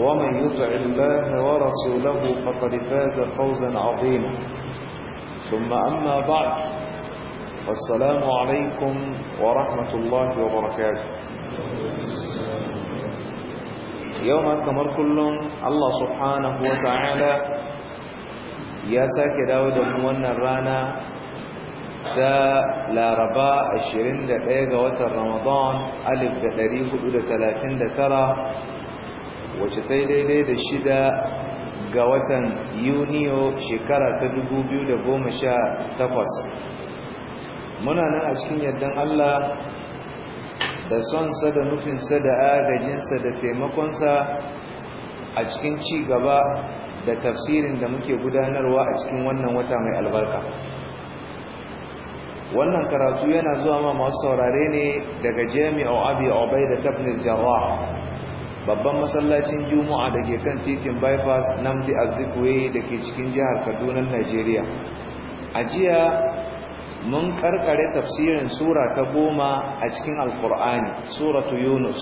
ومن يطع الله ورسوله فقد فاز فوزا عظيما ثم أما بعد والسلام عليكم ورحمة الله وبركاته يوم كمر كلهم الله سبحانه وتعالى يا ساك داود من الرانا ta رمضان ألف ga watan تلاتين 1439 wacce ta yi daidai da shida ga watan yuniyo shekara ta da goma sha takwas? muna nan a cikin yardan Allah da sonsa da nufinsa da agajinsa da taimakonsa a cikin ci gaba da tafsirin da muke gudanarwa a cikin wannan wata mai albarka wannan karatu yana zuwa ma masu saurare ne daga jami'a abi obai da tafnil jawa. babban masallacin juma'a da ke kan titin bypass nan bi azikwe da ke cikin jihar kaduna nigeria a jiya mun karkare tafsirin sura ta goma a cikin alkur'ani suratu yunus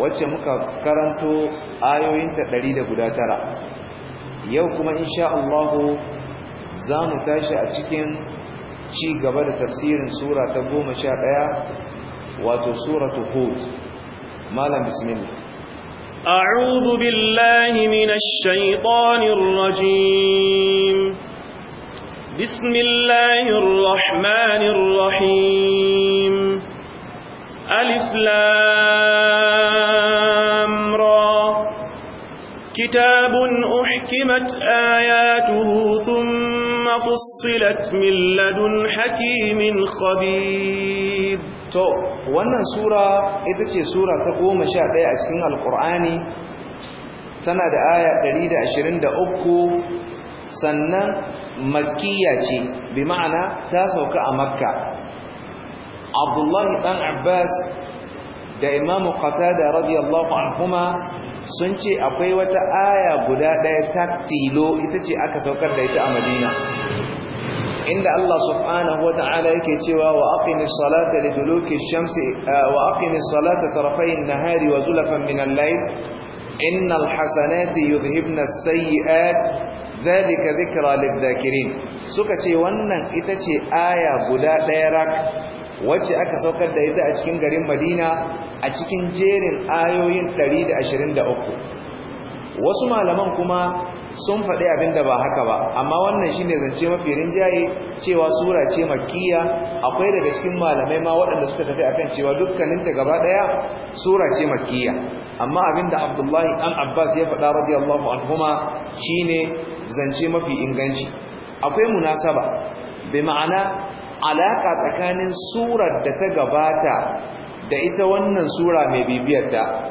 wacce muka karanto ayoyinta ɗari da guda tara yau kuma insha allahu za mu tashi a cikin ci gaba da tafsirin sura ta goma sha ɗaya wato suratu hud malam bismillah أعوذ بالله من الشيطان الرجيم بسم الله الرحمن الرحيم ألف لام را كتاب أحكمت آياته ثم فصلت من لدن حكيم خبير to wannan sura ita ce sura ta goma sha ɗaya a cikin alkur'ani tana da aya 123 sannan makkiya ce bi ma'ana ta sauka a makka abdullahi dan abbas da imamu qatada radiyallahu anhuma sun ce akwai wata aya guda ɗaya ta tilo ita ce aka saukar da ita a madina inda Allah subhanahu wa ta'ala yake cewa wa aqimis salata liduluki shamsi uh, wa aqimis salata tarafai an-nahari wa zulafan min al-layl innal hasanati yudhhibna as-sayyi'at dhalika dhikra lidh-dhakirin suka ce wannan ita ce aya guda ɗaya rak wacce aka saukar da ita a cikin garin Madina a cikin jerin ayoyin 123 wasu malaman kuma sun faɗi abinda ba haka ba amma wannan shine zance mafi rinjaye cewa sura ce makiyya akwai daga cikin malamai ma waɗanda suka tafi akan cewa dukkaninta gaba ɗaya sura ce makiyya amma abinda da abdullahi ɗan abbas ya faɗa radiyallahu anhuma shine zance mafi inganci akwai munasaba bai ma'ana alaƙa tsakanin surar da ta gabata da ita wannan sura mai bibiyar da.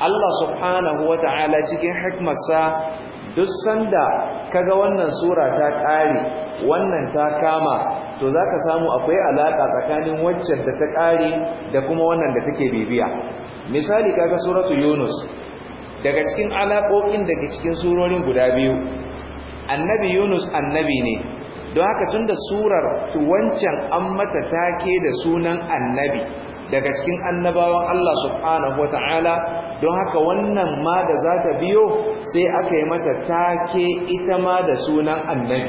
Allah subhanahu wa ta'ala cikin hikmarsa duk sanda kaga wannan sura ta kare wannan ta kama to zaka samu akwai alaƙa tsakanin waccan da ta kare da kuma wannan da take bibiya misali kaga suratu yunus daga cikin alaƙoƙin daga cikin surorin guda biyu annabi yunus annabi ne don haka tunda surar tuwancan an mata take da sunan annabi daga cikin annabawan Allah subhanahu wata'ala don haka wannan ma da za ta biyo sai aka yi mata take ita ma da sunan annabi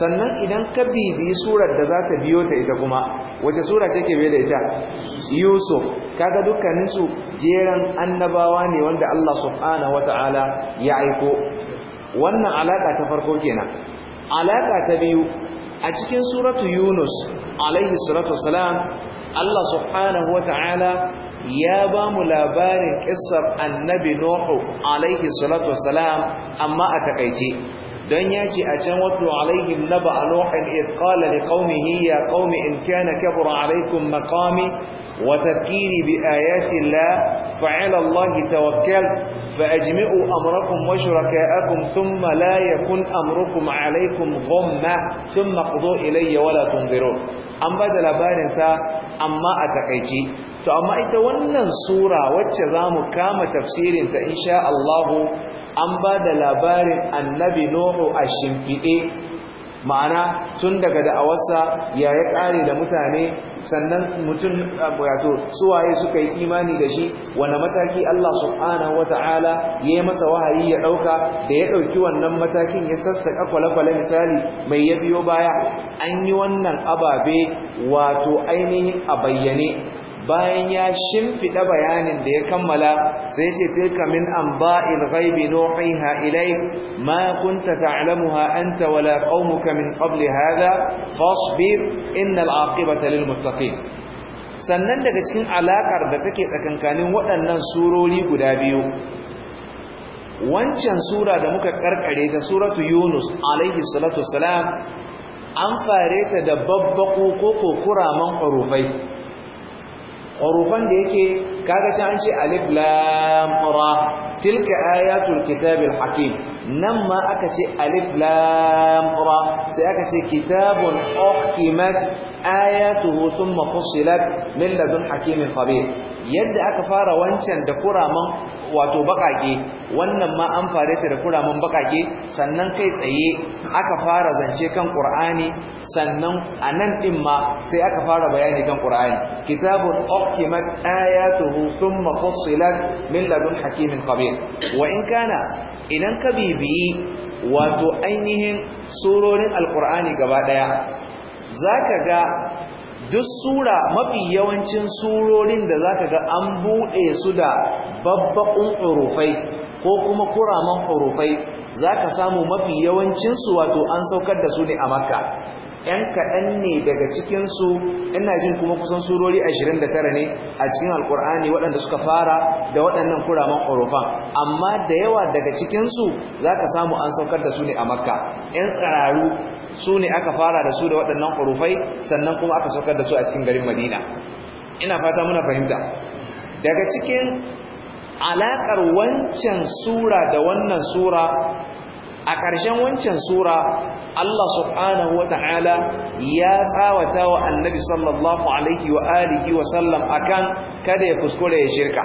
sannan idan ka bibi surar da za ta biyo ta ita kuma wace sura ce ke da ita yusuf kaga dukkaninsu jeran annabawa ne wanda Allah subhanahu wata'ala ya aiko wannan alaka ta farko kenan alaka ta biyu a cikin suratu yunus alaihi salatu wasalam Allah subhanahu wata'ala ya ba mu labarin kissar annabi Nuhu alaihi salatu wassalam amma a takaice dan ya ce a can wato alaihim naba nuhin id qala liqaumihi ya qaumi in kana kabura alaikum maqami wa tadhkiri bi ayati llah fa'ala Allah tawakkalt فأجمعوا أمركم وشركاءكم ثم لا يكن أمركم عليكم غمة ثم قضوا إلي ولا تنظرون an ba da labarinsa amma a takaice to amma ita wannan sura wacce za mu kama tafsirin ta insha Allah an ba da labarin annabi Nuhu a shimfiɗe ma'ana tun daga da'awarsa ya yi ƙare da mutane sannan mutum ah, wato waye suka yi imani da shi wani mataki Allah subhanahu Ta'ala ya yi masa wahayi ya ɗauka da ya ɗauki wannan matakin ya sassaƙa kwale-kwale misali mai ya biyo baya an yi wannan ababe wato ainihin a bayyane bayan ya shimfiɗa bayanin da ya kammala sai ya ce tilka min anba'il ghaibi nuhiha ilayk ma kunta ta'lamuha anta wala qaumuka min qabli hadha fasbir innal aqibata lil muttaqin sannan daga cikin alakar da take tsakankanin waɗannan surori guda biyu wancan sura da muka karkare ta suratu yunus alaihi salatu wassalam an fare ta da babbaku ko kokuraman ƙurufai ورفان ديكي كاغا تانشي الف لام را تلك ايات الكتاب الحكيم nan ma aka ce alif lam ra sai aka ce kitabun uhkimat ayatuhu thumma fussilat min ladun hakimin khabir yadda aka fara wancan da kuraman wato bakake wannan ma an fare ta da kuraman bakake sannan kai tsaye aka fara zance kan qur'ani sannan anan din ma sai aka fara bayani kan qur'ani kitabun uqimat ayatuhu thumma fussilat min ladun hakimin khabir wa in kana idan ka bibiyi wato ainihin surorin alkur'ani gaba daya za ka ga duk sura mafi yawancin surorin da za ka ga an buɗe su da babbaƙun hurufai ko kuma kuraman hurufai za ka samu mafi yawancinsu wato an saukar da su ne a makka 'yan kaɗan ne daga cikinsu ina jin kuma kusan surori 29 ne a cikin alkur'ani waɗanda suka fara da waɗannan kuraman orofan amma da yawa daga cikinsu za ka samu an saukar da su ne a makka 'yan tsararu su ne aka fara da su da waɗannan orofai sannan kuma aka saukar da su a cikin garin madina ina fata muna fahimta daga cikin alaƙar wancan sura da wannan sura a ƙarshen wancan sura Allah subhanahu wa ta'ala ya tsawata wa annabi sallallahu alaihi wa alihi wa sallam akan kada ya kuskure ya shirka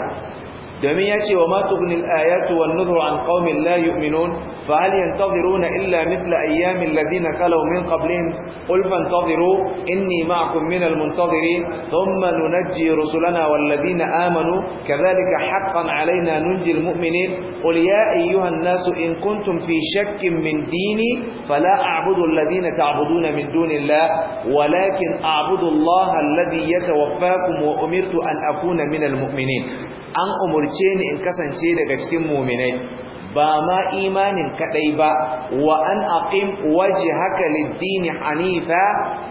domin ya ce wa ma tughnil ayatu wan nuzur an qaumin la yu'minun fa hal yantaziruna illa mithla ayyamil ladina khalaw min qablihim qul fantadhiru inni ma'akum minal muntazirin thumma nunajji rusulana wal ladina amanu kadhalika haqqan alaina nunjil mu'minin qul ya ayyuhan nasu in kuntum fi shakkin min dini fala a'budu alladhina ta'buduna min dunillah walakin a'budu allaha alladhi yatawaffakum wa umirtu an akuna minal mu'minin an umurce ni in kasance daga cikin mu'minai ba ma imanin kadai ba wa an aqim wajhaka lid-din hanifa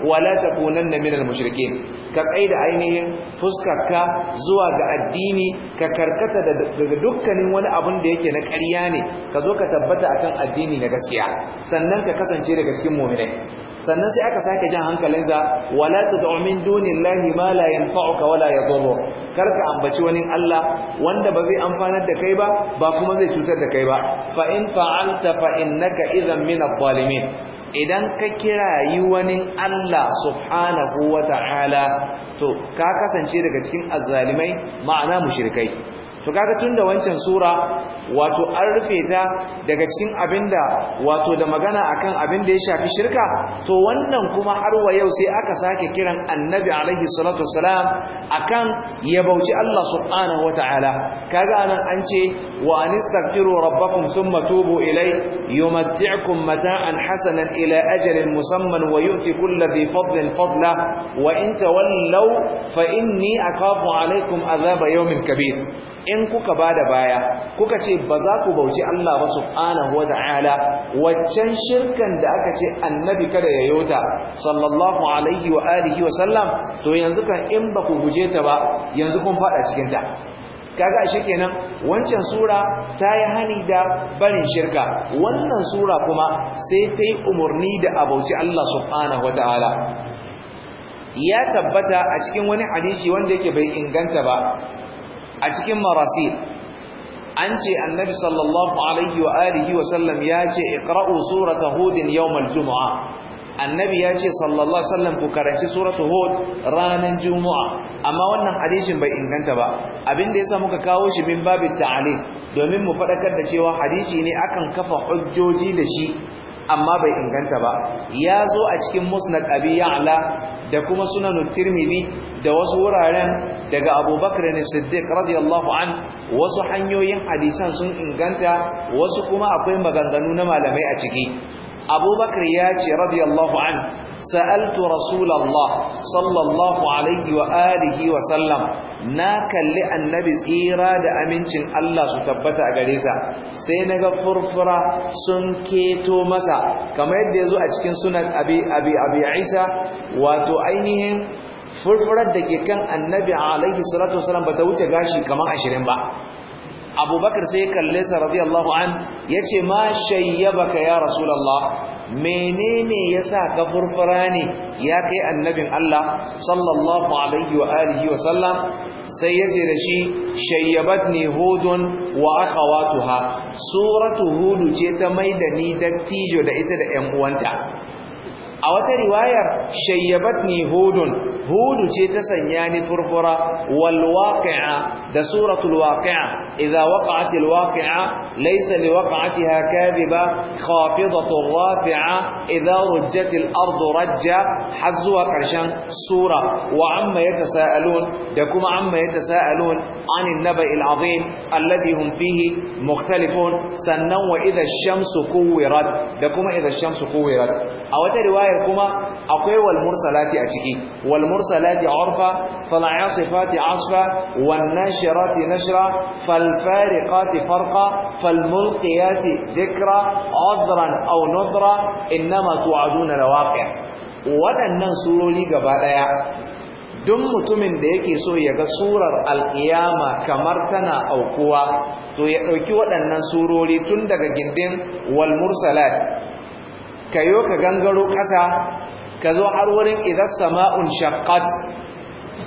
wa la takunanna minal mushrikeen ka da ainihin fuskarka zuwa ga addini ka karkata daga dukkanin wani abin da yake na ƙarya ne ka zo ka tabbata akan addini na gaskiya sannan ka kasance daga cikin mu'minai sannan sai aka sake jan hankalinsa wala tad'u min dunillahi ma la yanfa'uka wala Kar karka ambaci wani Allah wanda ba zai amfanar da kai ba ba kuma zai cutar da kai ba fa in fa'alta fa innaka idhan min adh-dhalimin idan ka kira yi wani Allah subhanahu wa ta'ala to ka kasance daga cikin azalimai, ma'ana mushrikai to kaga tunda wancan sura wato an rufe ta daga cikin abinda wato da magana akan abin da ya shafi shirka to wannan kuma har wa yau sai aka sake kiran annabi alaihi salatu wassalam akan ya bauci Allah subhanahu wataala kaga anan an ce wa anistaghfiru rabbakum thumma tubu ilai yumatti'kum mata'an hasanan ila ajalin musamman wa yu'ti kulli dhi fadlin fadla wa in tawallaw fa inni akhafu alaikum adhaba yawmin kabir in kuka ba da baya kuka ce ba za ku bauci Allah ba subhanahu wata'ala waccan shirkan da aka ce annabi kada ya yota sallallahu alaihi wa alihi wa sallam to yanzu kan in ba ku guje ta ba yanzu kun fada cikin ta kaga ashe kenan wancan sura ta yi hani da barin shirka wannan sura kuma sai ta yi umarni da a abauci Allah subhanahu wata'ala ya tabbata a cikin wani hadisi wanda yake bai inganta ba a cikin marasi an ce annabi sallallahu alaihi wa alihi wa sallam ya ce iqra'u surata hudin yawmal jumu'a annabi ya ce sallallahu alaihi sallam ku karanci suratul hud ranan juma'a amma wannan hadisin bai inganta ba abinda yasa muka kawo shi min babin ta'ali domin mu fadakar da cewa hadisi ne akan kafa hujjoji da shi amma bai inganta ba ya zo a cikin musnad abi ya'la da kuma sunan tirmidhi da wasu wuraren daga abubakar ne siddiq radiyallahu an wasu hanyoyin hadisan sun inganta wasu kuma akwai maganganu na malamai a ciki abubakar ya ce radiyallahu an sa'altu rasulallah sallallahu alaihi wa alihi wa sallam na kalli annabi tsira da amincin Allah su tabbata a gare sa sai naga furfura sun keto masa kamar yadda ya zo a cikin sunan abi abi abi isa wato ainihin furfurar da ke kan annabi alaihi salatu wasalam ba wuce gashi kamar ashirin ba abubakar sai ya kalle sa radiyallahu an ya ce ma shayyabaka ya rasulallah menene ya sa ka furfura ne ya kai annabin Allah sallallahu alaihi wa alihi wa sallam sai ya ce da shi ne hudun wa ha? suratu hudu ce ta da ni dattijo da ita da ƴan uwanta a wata riwayar shayyabatni hudun hudu ce ta sanya ni furfura wal waqi'a da suratul waqi'a idza waqa'atil waqi'a laysa li waqa'atiha kadhiba khafidatur rafi'a idza rujjatil ardu rajja hazu wa karshan sura wa amma yatasaalun da kuma amma yatasaalun anin naba'il azim alladhi hum fihi mukhtalifun sannan wa idza ash-shamsu kuwirat da kuma idza ash-shamsu kuwirat a wata riwaya riwayar kuma akwai wal mursalati a ciki wal mursalati urfa fal asifati asfa wan nashirati nashra fal fariqati farqa fal mulqiyati dhikra adran aw nudra inma tu'aduna lawaqi waɗannan surori gaba daya duk mutumin da yake so ya ga surar alƙiyama kamar tana aukuwa to ya ɗauki waɗannan surori tun daga gindin walmursalat ka yo ka gangaro ƙasa ka zo har wurin idan sama'un shaqqat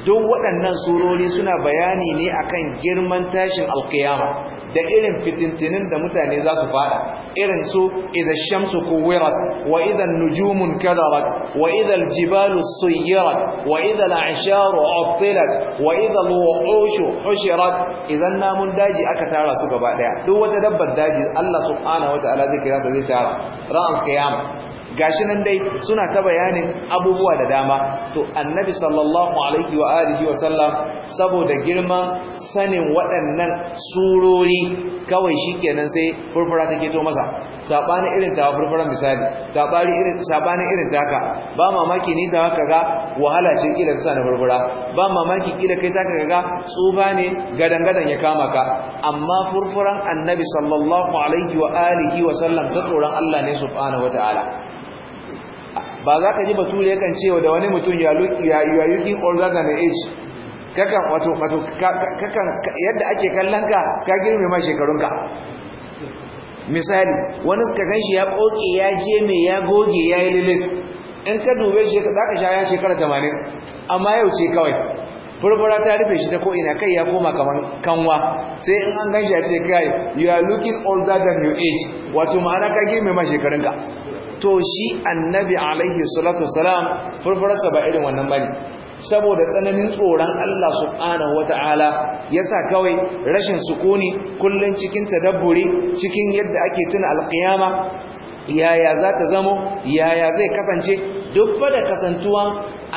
duk waɗannan surori suna bayani ne akan girman tashin alkiyama da irin fitintinin da mutane za su fada irin su idan shamsu kuwirat wa idza nujumun kadarat wa idza aljibalu suyirat wa idza al'asharu uttilat wa idza alwuhushu hushirat idan namun daji aka tara su gaba daya duk wata dabbar daji Allah subhanahu wataala zai kira ta zai tara ran kiyama gashi nan dai suna ta bayanin abubuwa da dama to annabi sallallahu alaihi wa alihi wa sallam saboda girman sanin waɗannan surori kawai shikenan sai furfura take to masa sabani irin ta furfuran misali sabani irin sabani irin taka ba mamaki ni ta haka ga wahala ce kila sa na furfura ba mamaki kila kai taka ga tsufa ne gadan gadan ya kama ka amma furfuran annabi sallallahu alaihi wa alihi wa sallam ta tsoron Allah ne subhanahu wataala ba za ka ji bature yakan cewa da wani mutum ya yuki older than age kakan wato wato kakan yadda ake kallon ka ka girme ma shekarunka misali wani ka shi ya koke ya je mai ya goge ya yi lilis in ka dube shi za ka sha ya shekara tamanin. amma yau ce kawai furfura ta rufe shi ta ko'ina kai ya koma kamar kanwa sai in an ganshi a ce kai you are looking older than your age wato ma'ana ka girme ma shekarunka to shi annabi alaihi salatu wasalam furfurarsa ba irin wannan bane saboda tsananin tsoron Allah subhanahu wata'ala yasa kawai rashin sukuni kullun cikin tadabburi cikin yadda ake tuna alqiyama yaya za ta zamo yaya zai kasance duk da kasantuwan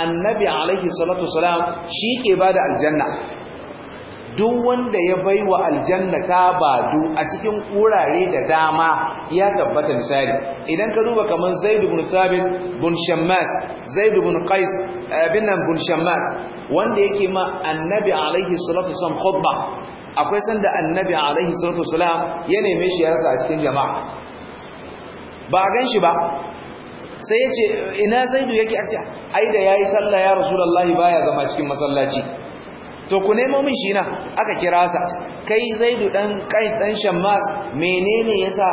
annabi alaihi salatu wasalam shi ke bada aljanna duk wanda ya bai wa aljanna ta badu a cikin kurare da dama ya tabbata misali idan ka duba kamar zaid ibn thabit bin shammas zaid ibn qais bin bin shammas wanda yake ma annabi alaihi salatu wasallam khutba akwai sanda annabi alaihi salatu wasallam ya neme shi ya rasa a cikin jama'a ba a gan shi ba sai ya ce ina zaidu yake a ce ai da yayi sallah ya rasulullahi baya zama cikin masallaci to ku nemo min shi na aka kira sa kai zaidu dan kai dan shammas menene yasa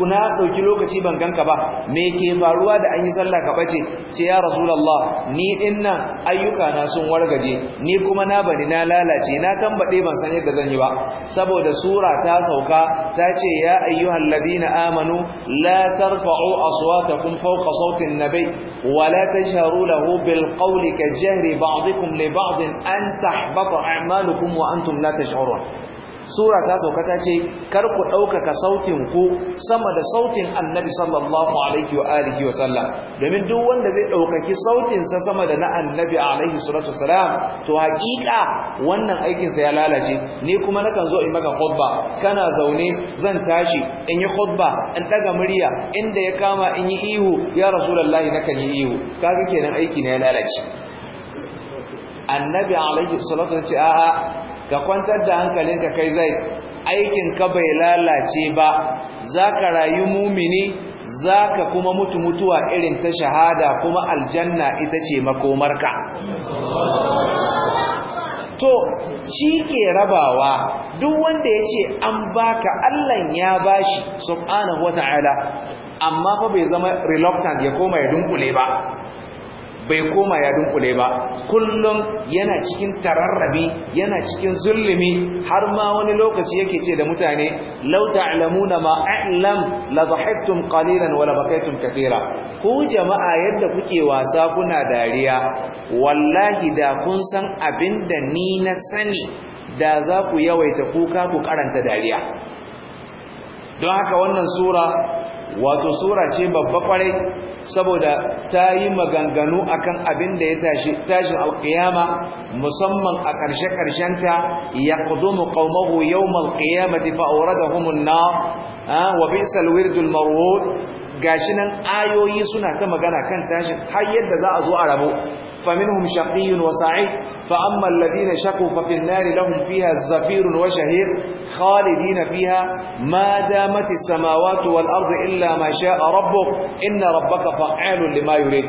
kuna dauki lokaci ban ganka ba me ke faruwa da an yi sallah ka bace ce ya rasulullah ni din ayyuka na sun wargaje ni kuma na bari na lalace na tambade ban san yadda zan yi ba saboda sura ta sauka ta ce ya ayyuhal ladina amanu la tarfa'u aswatakum fawqa sautin nabiy ولا تجهروا له بالقول كجهر بعضكم لبعض أن تحبط أعمالكم وأنتم لا تشعرون sura ta sauka ta ce kar ku ɗaukaka sautin ku sama da sautin annabi sallallahu alaihi wa alihi wa sallam domin duk wanda zai ɗaukaki sautinsa sama da na annabi alaihi salatu wasalam to haƙiƙa wannan aikinsa ya lalace ni kuma nakan zo in maka khutba kana zaune zan tashi in yi khutba in ɗaga murya inda ya kama in yi ihu ya rasulullahi nakan yi ihu kaga kenan aiki ne ya lalace annabi alaihi salatu wasalam ce a'a ka kwantar da hankalinka kai zai aikin ka bai lalace ba zaka rayu mumini zaka kuma mutu mutuwa irin ta shahada kuma aljanna ita ce makomarka to shi ke rabawa duk wanda ya ce an baka Allah ya bashi subhanahu wata'ala amma fa bai zama reluctant ya koma ya dunkule ba bai koma ya dunkule ba kullum yana cikin tararrabi yana cikin zulmi har ma wani lokaci yake ce da mutane law ta'lamuna ma a'lam la dhahiktum qalilan wa la bakaytum katira ku jama'a yadda kuke wasa kuna dariya wallahi da kun san abinda ni na sani da za ku yawaita kuka ku karanta dariya don haka wannan sura wato sura ce babba kwarai saboda ta yi maganganu akan abin da ya tashi tashin alkiyama musamman a ƙarshe ƙarshenta ya ƙudumu ƙaumahu yau malkiyamati fa'aura da humunna wa bisal salwir marwud gashi nan ayoyi suna ta magana kan tashin har yadda za a zo a rabo فمنهم شقي وسعيد فأما الذين شقوا ففي النار لهم فيها زفير وشهير خالدين فيها ما دامت السماوات والأرض إلا ما شاء ربك إن ربك فعال لما يريد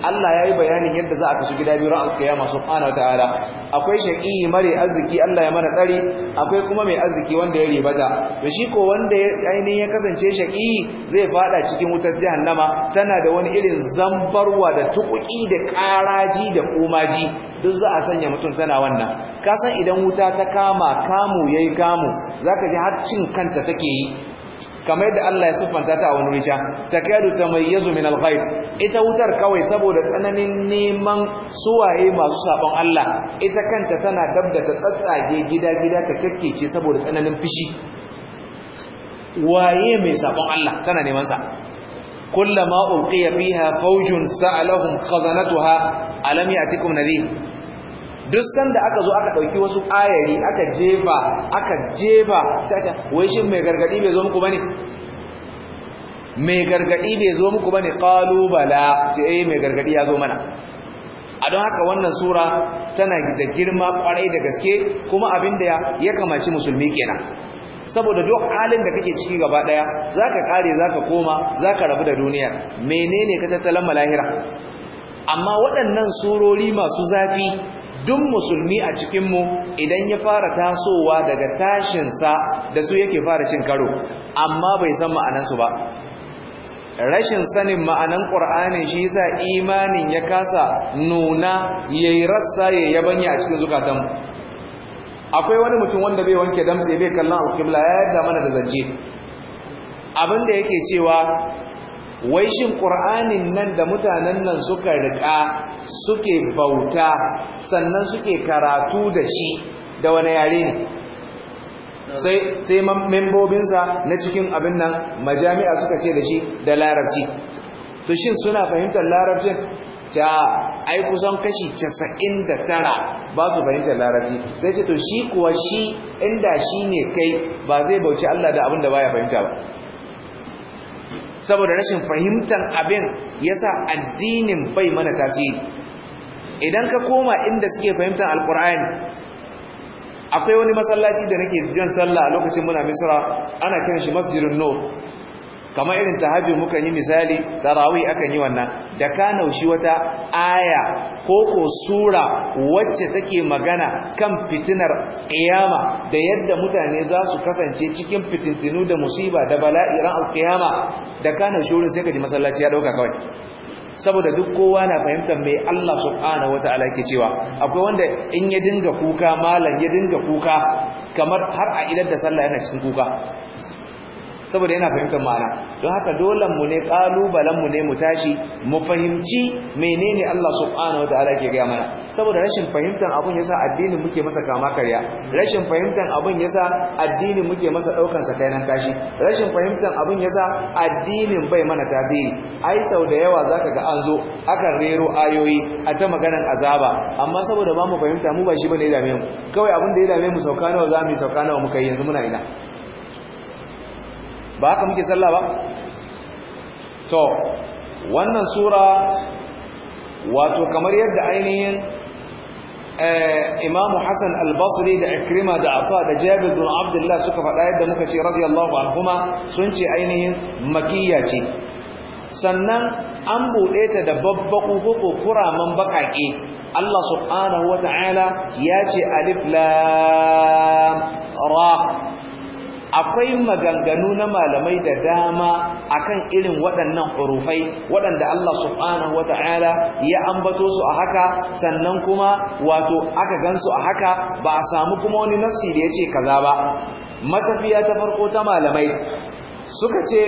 Allah ya yi bayanin yadda za a kasu gida biyu ran alkiyama subhanahu ta'ala akwai shaƙiyi mare arziki Allah ya mana tsari akwai kuma mai arziki wanda ya ribata to shi ko wanda ainihin ya kasance shaƙiyi. zai fada cikin wutar jahannama tana da wani irin zambarwa da tukuki da karaji da komaji duk za a sanya mutum tana wannan kasan idan wuta ta kama kamu yayi kamu zaka ji har cin kanta take yi kamar yadda Allah ya siffanta ta a wani rica takadu ta min al-ghayb ita wutar kawai saboda tsananin neman suwaye masu sabon Allah ita kanta tana dabda ta tsatsage gida-gida ta kakkece saboda tsananin fishi waye mai sabon Allah tana neman sa kullama ulqiya fiha fawjun sa'alahum khazanatuha alam ya'tikum nadhir duk sanda aka zo aka ɗauki wasu ayari aka jefa aka jefa sai a wai shin mai gargaɗi bai zo muku bane mai gargaɗi bai zo muku bane ƙalubala ce eh mai gargaɗi ya zo mana a don haka wannan sura tana da girma kwarai da gaske kuma abin da ya kamaci musulmi kenan saboda duk halin da kake ciki gaba daya zaka kare zaka koma zaka rabu da duniya menene ka tattalan malahira amma waɗannan surori masu zafi duk musulmi a cikinmu idan ya fara tasowa daga tashinsa da su yake fara cin karo amma bai san ma'anansu ba rashin sanin ma'anan ƙur'anin shi yasa imanin ya kasa nuna yayi rassa ya ya yabanya a cikin zukatanmu akwai wani mutum wanda bai wanke damtse bai kallon alƙibla ya yadda mana da zance abinda yake cewa wai shin ƙur'anin nan da mutanen nan suka riƙa suke bauta sannan suke karatu da shi da wani yare ne sai membobinsa na cikin abin nan majami'a suka ce da shi da larabci to shin suna fahimtar larabcin ta ai kusan kashi casa'in 99 ba su fahimtar larabci sai ce to shi kuwa shi inda shi ne kai ba zai bauci Allah da abin da baya fahimta ba saboda rashin fahimtar abin ya sa addinin bai mana tasiri idan ka koma inda suke fahimtar alkur'ani akwai wani masallaci da nake jan sallah a lokacin muna misra ana kiran shi masjidun nur kamar irin tahajjud muka yi misali tarawih akan yi wannan da ka naushi wata aya ko ko sura wacce take magana kan fitinar ƙiyama da yadda mutane za su kasance cikin fitintinu da musiba da bala'i ran alkiyama da ka naushi wurin sai ka ji masallaci ya dauka kawai saboda duk kowa na fahimtar mai Allah subhanahu wataala yake cewa akwai wanda in ya dinga kuka malam ya dinga kuka kamar har a idar da sallah yana cikin kuka saboda yana fahimtar ma'ana don haka dolan mu ne kalubalen mu ne mu tashi mu fahimci menene Allah subhanahu wataala ke gaya mana saboda rashin fahimtar abun yasa addinin muke masa kama karya rashin fahimtar abun yasa addinin muke masa daukan sa kainan kashi rashin fahimtar abun yasa addinin bai mana tasiri ai sau da yawa zaka ga an zo aka rero ayoyi a ta maganar azaba amma saboda ba mu fahimta mu ba shi bane ya mu kawai abin da ya dame mu sauka nawa za mu sauka nawa muka yi yanzu muna ina ba haka muke sallah ba to wannan sura wato kamar yadda ainihin eh, imamu hassan albasri da ikrima da afa da jabir bin abdullah suka faɗa yadda muka ce radiyallahu anhuma sun ce ainihin makiyya ce sannan an buɗe ta da babbaku ko kuraman baƙaƙe Allah subhanahu wa ta'ala ya ce alif lam ra akwai maganganu na malamai da dama akan irin waɗannan hurufai waɗanda Allah subhanahu wata'ala ya ambato su a haka sannan kuma wato aka gansu a haka ba a samu kuma wani nassi da ya ka kaza ba matafiya ta farko ta malamai suka ce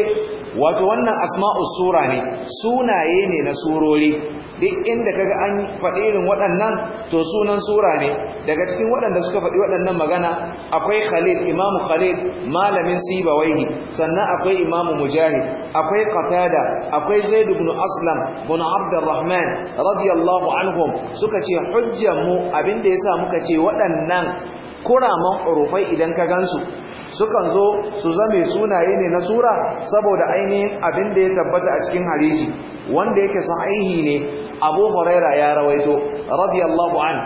wato wannan Asma'u sura ne sunaye ne na surori duk inda kaga an faɗi irin waɗannan to sunan sura ne daga cikin waɗanda suka faɗi waɗannan magana akwai Khalil Imam Khalil malamin sibawaini sannan akwai Imam Mujahid akwai Qatada akwai Zaid ibn Aslam ibn Abdurrahman radiyallahu anhum suka ce hujjar mu abinda yasa muka ce waɗannan kuraman hurufai idan ka gansu sukan zo su zame sunaye ne na sura saboda ainihin abin da ya tabbata a cikin hadisi wanda yake sahihi ne Abu Huraira ya rawaito radiyallahu an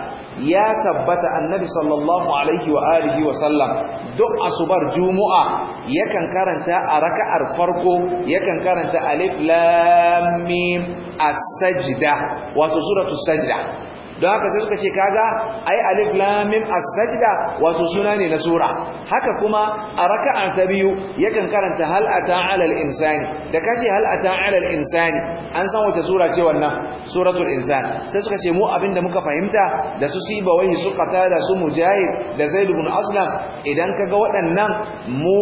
ya tabbata annabi sallallahu alaihi wa alihi wa sallam duk asubar jumu'a yakan karanta a raka'ar farko yakan karanta alif lam mim as-sajda wato suratul sajda don haka sai suka ce kaga ai alif lam as-sajda wato suna ne na sura haka kuma a raka'a ta biyu yakan karanta hal ata ala al-insani da kace hal ata ala al-insani an san wace sura ce wannan suratul insan sai suka ce mu abinda muka fahimta da su siba wai su qata da su mujahid da zaid ibn aslam idan kaga waɗannan mu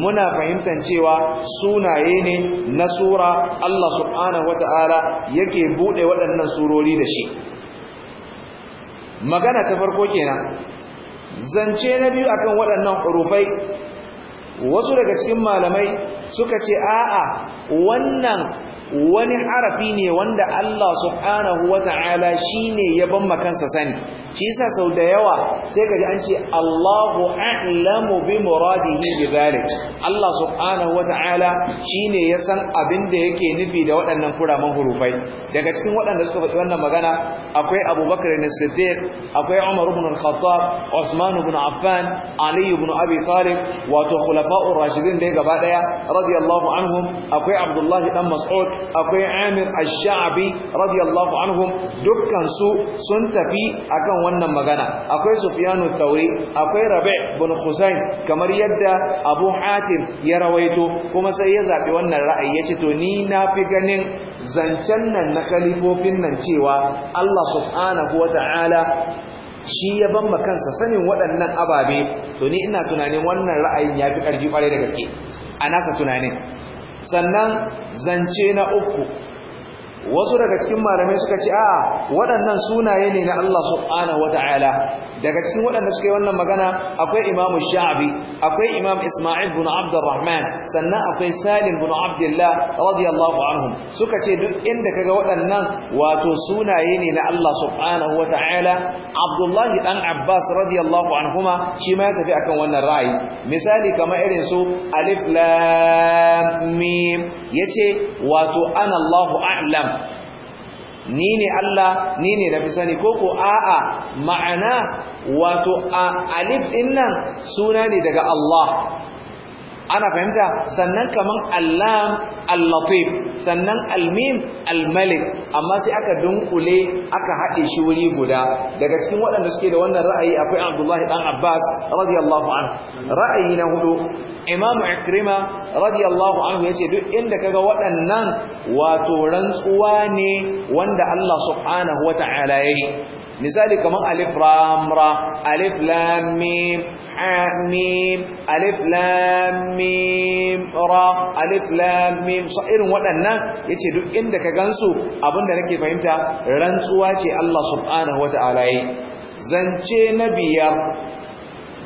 muna fahimtan cewa sunaye ne na sura Allah subhanahu wataala yake bude waɗannan surori da shi magana ta farko kenan zance na biyu akan waɗannan hurufai wasu daga cikin malamai suka ce a'a wannan wani harafi ne wanda Allah subhanahu wata'ala shine ya ban makansa sani shi yasa sau da yawa sai kaji an ce Allahu a'lamu bi muradihi bi zalik Allah subhanahu shi shine ya san abin da yake nufi da waɗannan kuraman hurufai daga cikin waɗanda suka faɗi wannan magana akwai Abu Bakr ibn Siddiq akwai Umar ibn al-Khattab Usman ibn Affan Ali ibn Abi Talib wato khulafa'ur rashidin dai gaba daya radiyallahu anhum akwai Abdullah ibn Mas'ud akwai amir ash-sha'bi radiyallahu anhum dukkan su sun tafi akan wannan magana akwai sufyanu tauri akwai rabi' bin husayn kamar yadda abu hatim ya rawaito kuma sai ya zabi wannan ra'ayi yace to ni na fi ganin zancen nan na kalifofin nan cewa Allah subhanahu wata'ala shi ya ban kansa sanin waɗannan ababe to ni ina tunanin wannan ra'ayin ya fi ƙarfi ƙwarai da gaske a nasa tunanin sannan zance na uku wasu daga cikin malamai suka ce a waɗannan sunaye ne na Allah subhanahu wata'ala daga cikin waɗanda suka yi wannan magana akwai imam sha'abi akwai imam isma'il bin abdurrahman sannan akwai salim bin abdullah radiyallahu anhum suka ce duk inda kaga waɗannan wato sunaye ne na Allah subhanahu wata'ala abdullahi dan abbas radiyallahu anhuma shi ma ya tafi akan wannan ra'ayi misali kamar irin su alif lam mim ce, wato ana Allahu a'lam ni ne Allah ni ne na fi sani ko ko a'a ma'ana wato a alif dinnan suna ne daga Allah ana fahimta sannan kaman allam al-latif sannan al-mim al-malik amma sai aka dunkule aka haɗe shi wuri guda daga cikin waɗanda suke da wannan ra'ayi akwai Abdullahi Ɗan Abbas radiyallahu anhu ra'ayi na hudu imamu ikrima radiyallahu anhu yace duk inda kaga waɗannan wato rantsuwa ne wanda Allah subhanahu wata'ala yayi misali kaman alif lam ra alif lam mim ha mim alif lam mim ra alif lam mim so irin waɗannan yace duk inda ka gansu abinda nake fahimta rantsuwa ce Allah subhanahu wata'ala yayi zance na biyar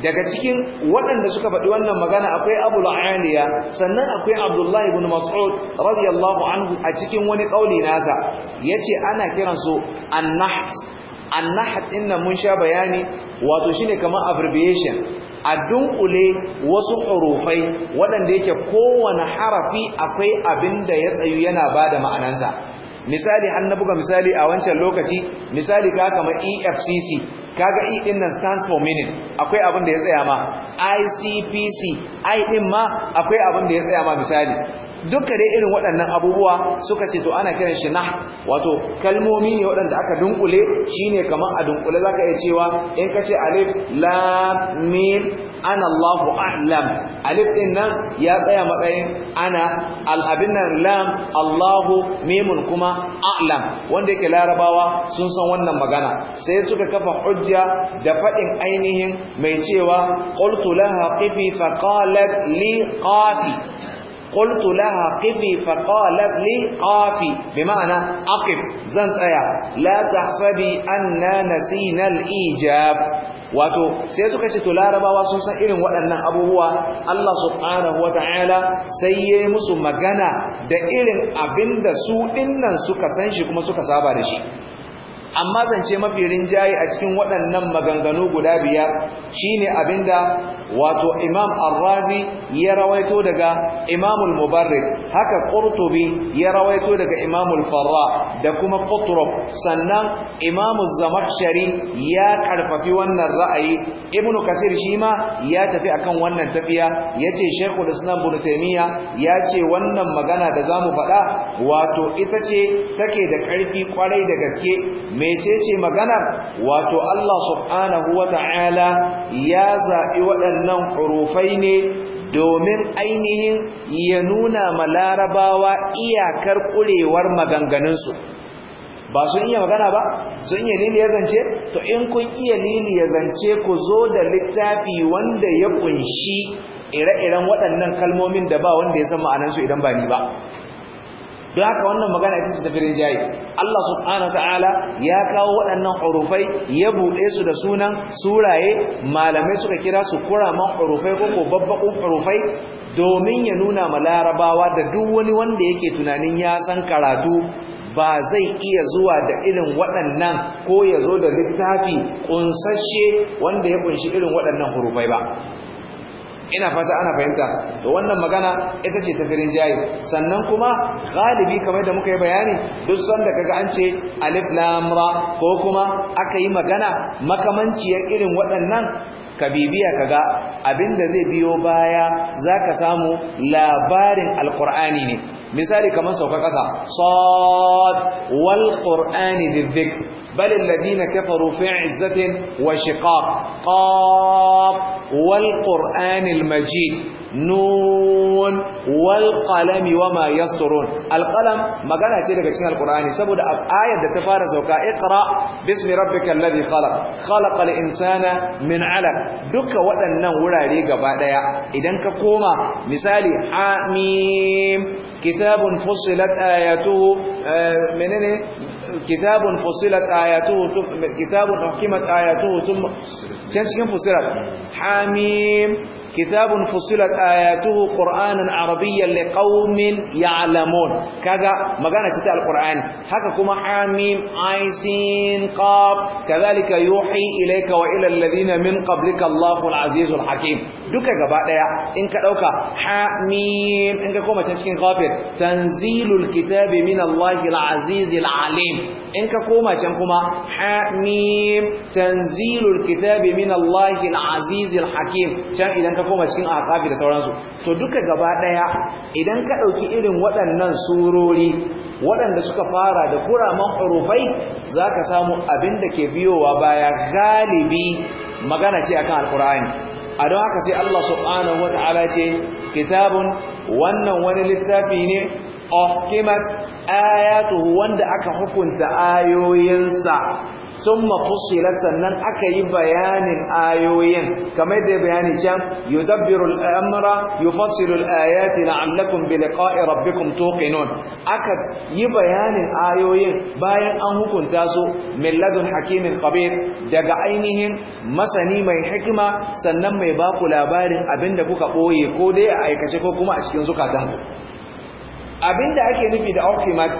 daga cikin waɗanda suka faɗi wannan magana akwai Abu Aliya sannan akwai Abdullah ibn Mas'ud radiyallahu anhu a cikin wani ƙauli nasa yace ana kiran su an-naht inna mun sha bayani wato shine kamar abbreviation a dunkule wasu hurufai waɗanda yake kowane harafi akwai abin da ya tsayu yana ba da ma'anansa misali an buga misali a wancan lokaci misali ka kamar EFCC kaga e din nan stands for meaning akwai abin da ya tsaya ma ICPC i din ma akwai abin da ya tsaya ma misali duka dai irin waɗannan abubuwa suka ce to ana kiran shi nah wato kalmomi ne waɗanda aka dunkule shine kamar a dunkule zaka iya cewa in ka ce alif lam mim ana Allahu a'lam alif din nan ya tsaya matsayin ana al'abin nan lam Allahu mimun kuma a'lam wanda yake larabawa sun san wannan magana sai suka kafa hujja da faɗin ainihin mai cewa qultu laha qifi fa qalat li qafi قلت لها قفي فقالت لي قافي بمعنى أقف زنت آية لا تحسبي أننا نسينا الإيجاب wato sai suka ce to larabawa sun san irin waɗannan abubuwa Allah subhanahu wata'ala sai yayi musu magana da irin abinda su dinnan suka san shi kuma suka saba da shi amma zance mafi rinjaye a cikin waɗannan maganganu guda biyar shine abinda wato imam arrazi ya rawaito daga imamul mubarrik haka qurtubi ya rawaito daga imamul farra da kuma qutrub sannan Zama-shari ya karfafi wannan ra'ayi Ibn kasir shi ma ya tafi akan wannan tafiya ya yace shaykhul islam ibn ya ce wannan magana da zamu faɗa wato ita ce take da ƙarfi kwarai da gaske me mecece magana, wato Allah subhanahu Ta'ala ya zaɓi waɗannan ƙurufai ne domin ainihin ya nuna ma larabawa iyakar ƙurewar maganganunsu ba sun iya magana ba sun iya liliya zance to in kun iya liliya ya zance ku zo da littafi wanda ya kunshi ire-iren waɗannan kalmomin da ba wanda ya san ma'anansu idan ba ni ba don haka wannan magana ita ce tafirin jayi Allah subhanahu ta'ala ya kawo waɗannan urufai ya buɗe su da sunan suraye malamai suka kira su kuraman urufai ko ko babbaƙun urufai domin ya nuna ma larabawa da duk wani wanda yake tunanin ya san karatu ba zai iya zuwa da irin waɗannan ko ya zo da littafi ƙunsashe wanda ya ƙunshi irin waɗannan hurufai ba ina fata ana fahimta to wannan magana ita ce tafirin jayi sannan kuma galibi kamar da muka yi bayani duk sanda kaga an ce alif lam ra ko kuma aka yi magana makamanciyar irin waɗannan ka bibiya kaga abinda zai biyo baya zaka samu labarin alqur'ani ne misali kamar sauka kasa sad wal qur'ani dhikr بل الذين كفروا في عزة وشقاق قاف والقرآن المجيد نون والقلم وما يسطرون القلم ما قال هسي لك اسمها القرآن سبود آية تفارة زوكا اقرأ باسم ربك الذي خلق خلق الإنسان من علق دك ودن نورا ليك بعد إذن كقوما مثالي حاميم كتاب فصلت آياته آه منين كتاب فصلت آياته ثم كتاب أحكمت آياته ثم كان فصلت حميم كتاب فصلت آياته قرآنا عربيا لقوم يعلمون كذا كان ستاء القرآن حككما حاميم عيسين قاب كذلك يوحي إليك وإلى الذين من قبلك الله العزيز الحكيم دوكا قبادا إنك دوكا حاميم إنك كما تشكين قابل تنزيل الكتاب من الله العزيز العليم in ka koma can kuma hamim tanzilul kitabi min Allahil azizil hakim can idan ka koma cikin aqabi da sauransu to duka gaba daya idan ka dauki irin waɗannan surori waɗanda suka fara da kuraman hurufai zaka samu abinda da ke biyowa baya galibi magana ce akan alqur'ani a don haka sai Allah subhanahu wataala ce kitabun wannan wani littafi ne ahkimat ayatuhu wanda aka hukunta ayoyinsa summa fusilat sannan aka yi bayanin ayoyin kamar da bayani can yudabbiru al-amra yufassilu al-ayati na bi liqa'i rabbikum tuqinun aka yi bayanin ayoyin bayan an hukunta su min ladun hakimin kabir daga ainihin masani mai hikima sannan mai baku labarin abinda kuka ɓoye ko dai a aikace ko kuma a cikin zukatanku abinda ake nufi da auqimat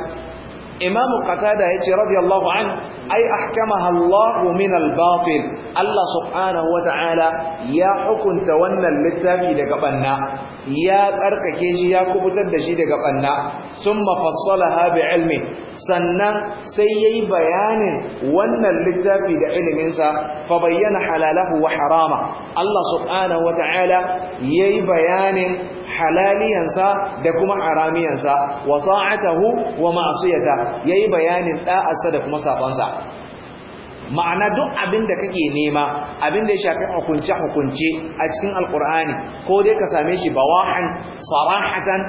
imamu qatada yace radiyallahu an ai ahkamaha Allah min al-batil Allah subhanahu ya hukunta wannan littafi daga banna ya tsarkake shi ya kubutar da shi daga banna summa fassalaha bi ilmi sannan sai yayi bayanin wannan littafi da ilimin sa fa bayyana halalahu wa harama Allah subhanahu wata'ala yayi bayanin halaliyansa da kuma haramiyansa wa ta'atahu wa ma'siyata yayi bayanin da'arsa da kuma sabansa ma'ana duk abin da kake nema abin da ya shafi hukunce hukunce a cikin alkur'ani ko dai ka same shi bawahan sarahatan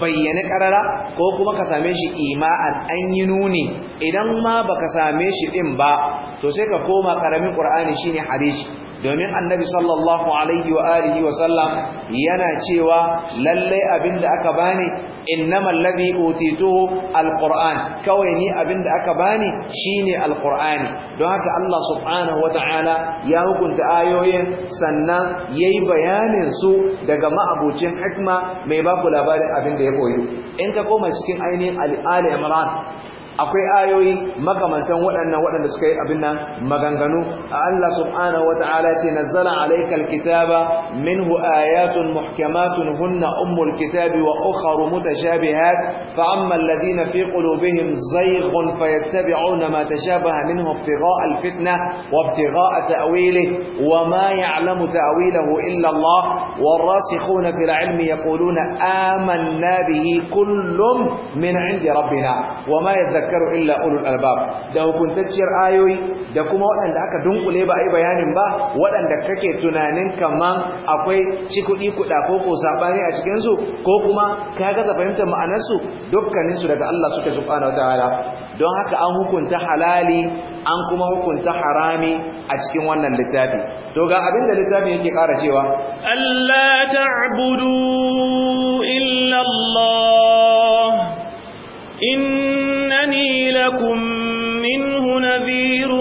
bayyane karara ko kuma ka same shi ima'an an yi nuni idan ma baka same shi din ba to sai ka koma karamin qur'ani shine hadisi domin annabi sallallahu alaihi wa alihi wa sallam yana cewa lallai abinda aka bani innamal ladhi utituhu alquran kawai ni abinda aka bani shine alqurani don haka Allah subhanahu wataala ya hukunta ayoyin sannan yayi bayanin su daga ma'abucin hikma mai baku labarin abinda ya koyo in ka koma cikin ainihin al-imran akwai ayoyi makamantan waɗannan waɗanda suka yi abin nan maganganu Allah subhanahu wata'ala ce nazzala alaykal kitaba minhu ayatun muhkamatun hunna umul kitabi wa ukhra mutashabihat fa amma alladhina fi qulubihim zayghun fayattabi'una ma tashabaha minhu ibtigha'a alfitna wa ibtigha'a ta'wili wa ma ya'lamu ta'wilahu illa Allah والراسخون في العلم يقولون آمنا به كل من عند ربنا وما يذكر yadhakkaru illa ulul albab da hukuntacciyar ayoyi da kuma waɗanda aka dunkule ba a yi bayanin ba waɗanda kake tunanin kaman akwai cikudi kuɗa ko ko saɓani a cikinsu ko kuma ka gaza fahimtar ma'anarsu su daga Allah suke subhanahu wataala don haka an hukunta halali an kuma hukunta harami a cikin wannan littafi to ga abin da littafin yake ƙara cewa Allah ta'budu illa Allah إنني لكم منه نذير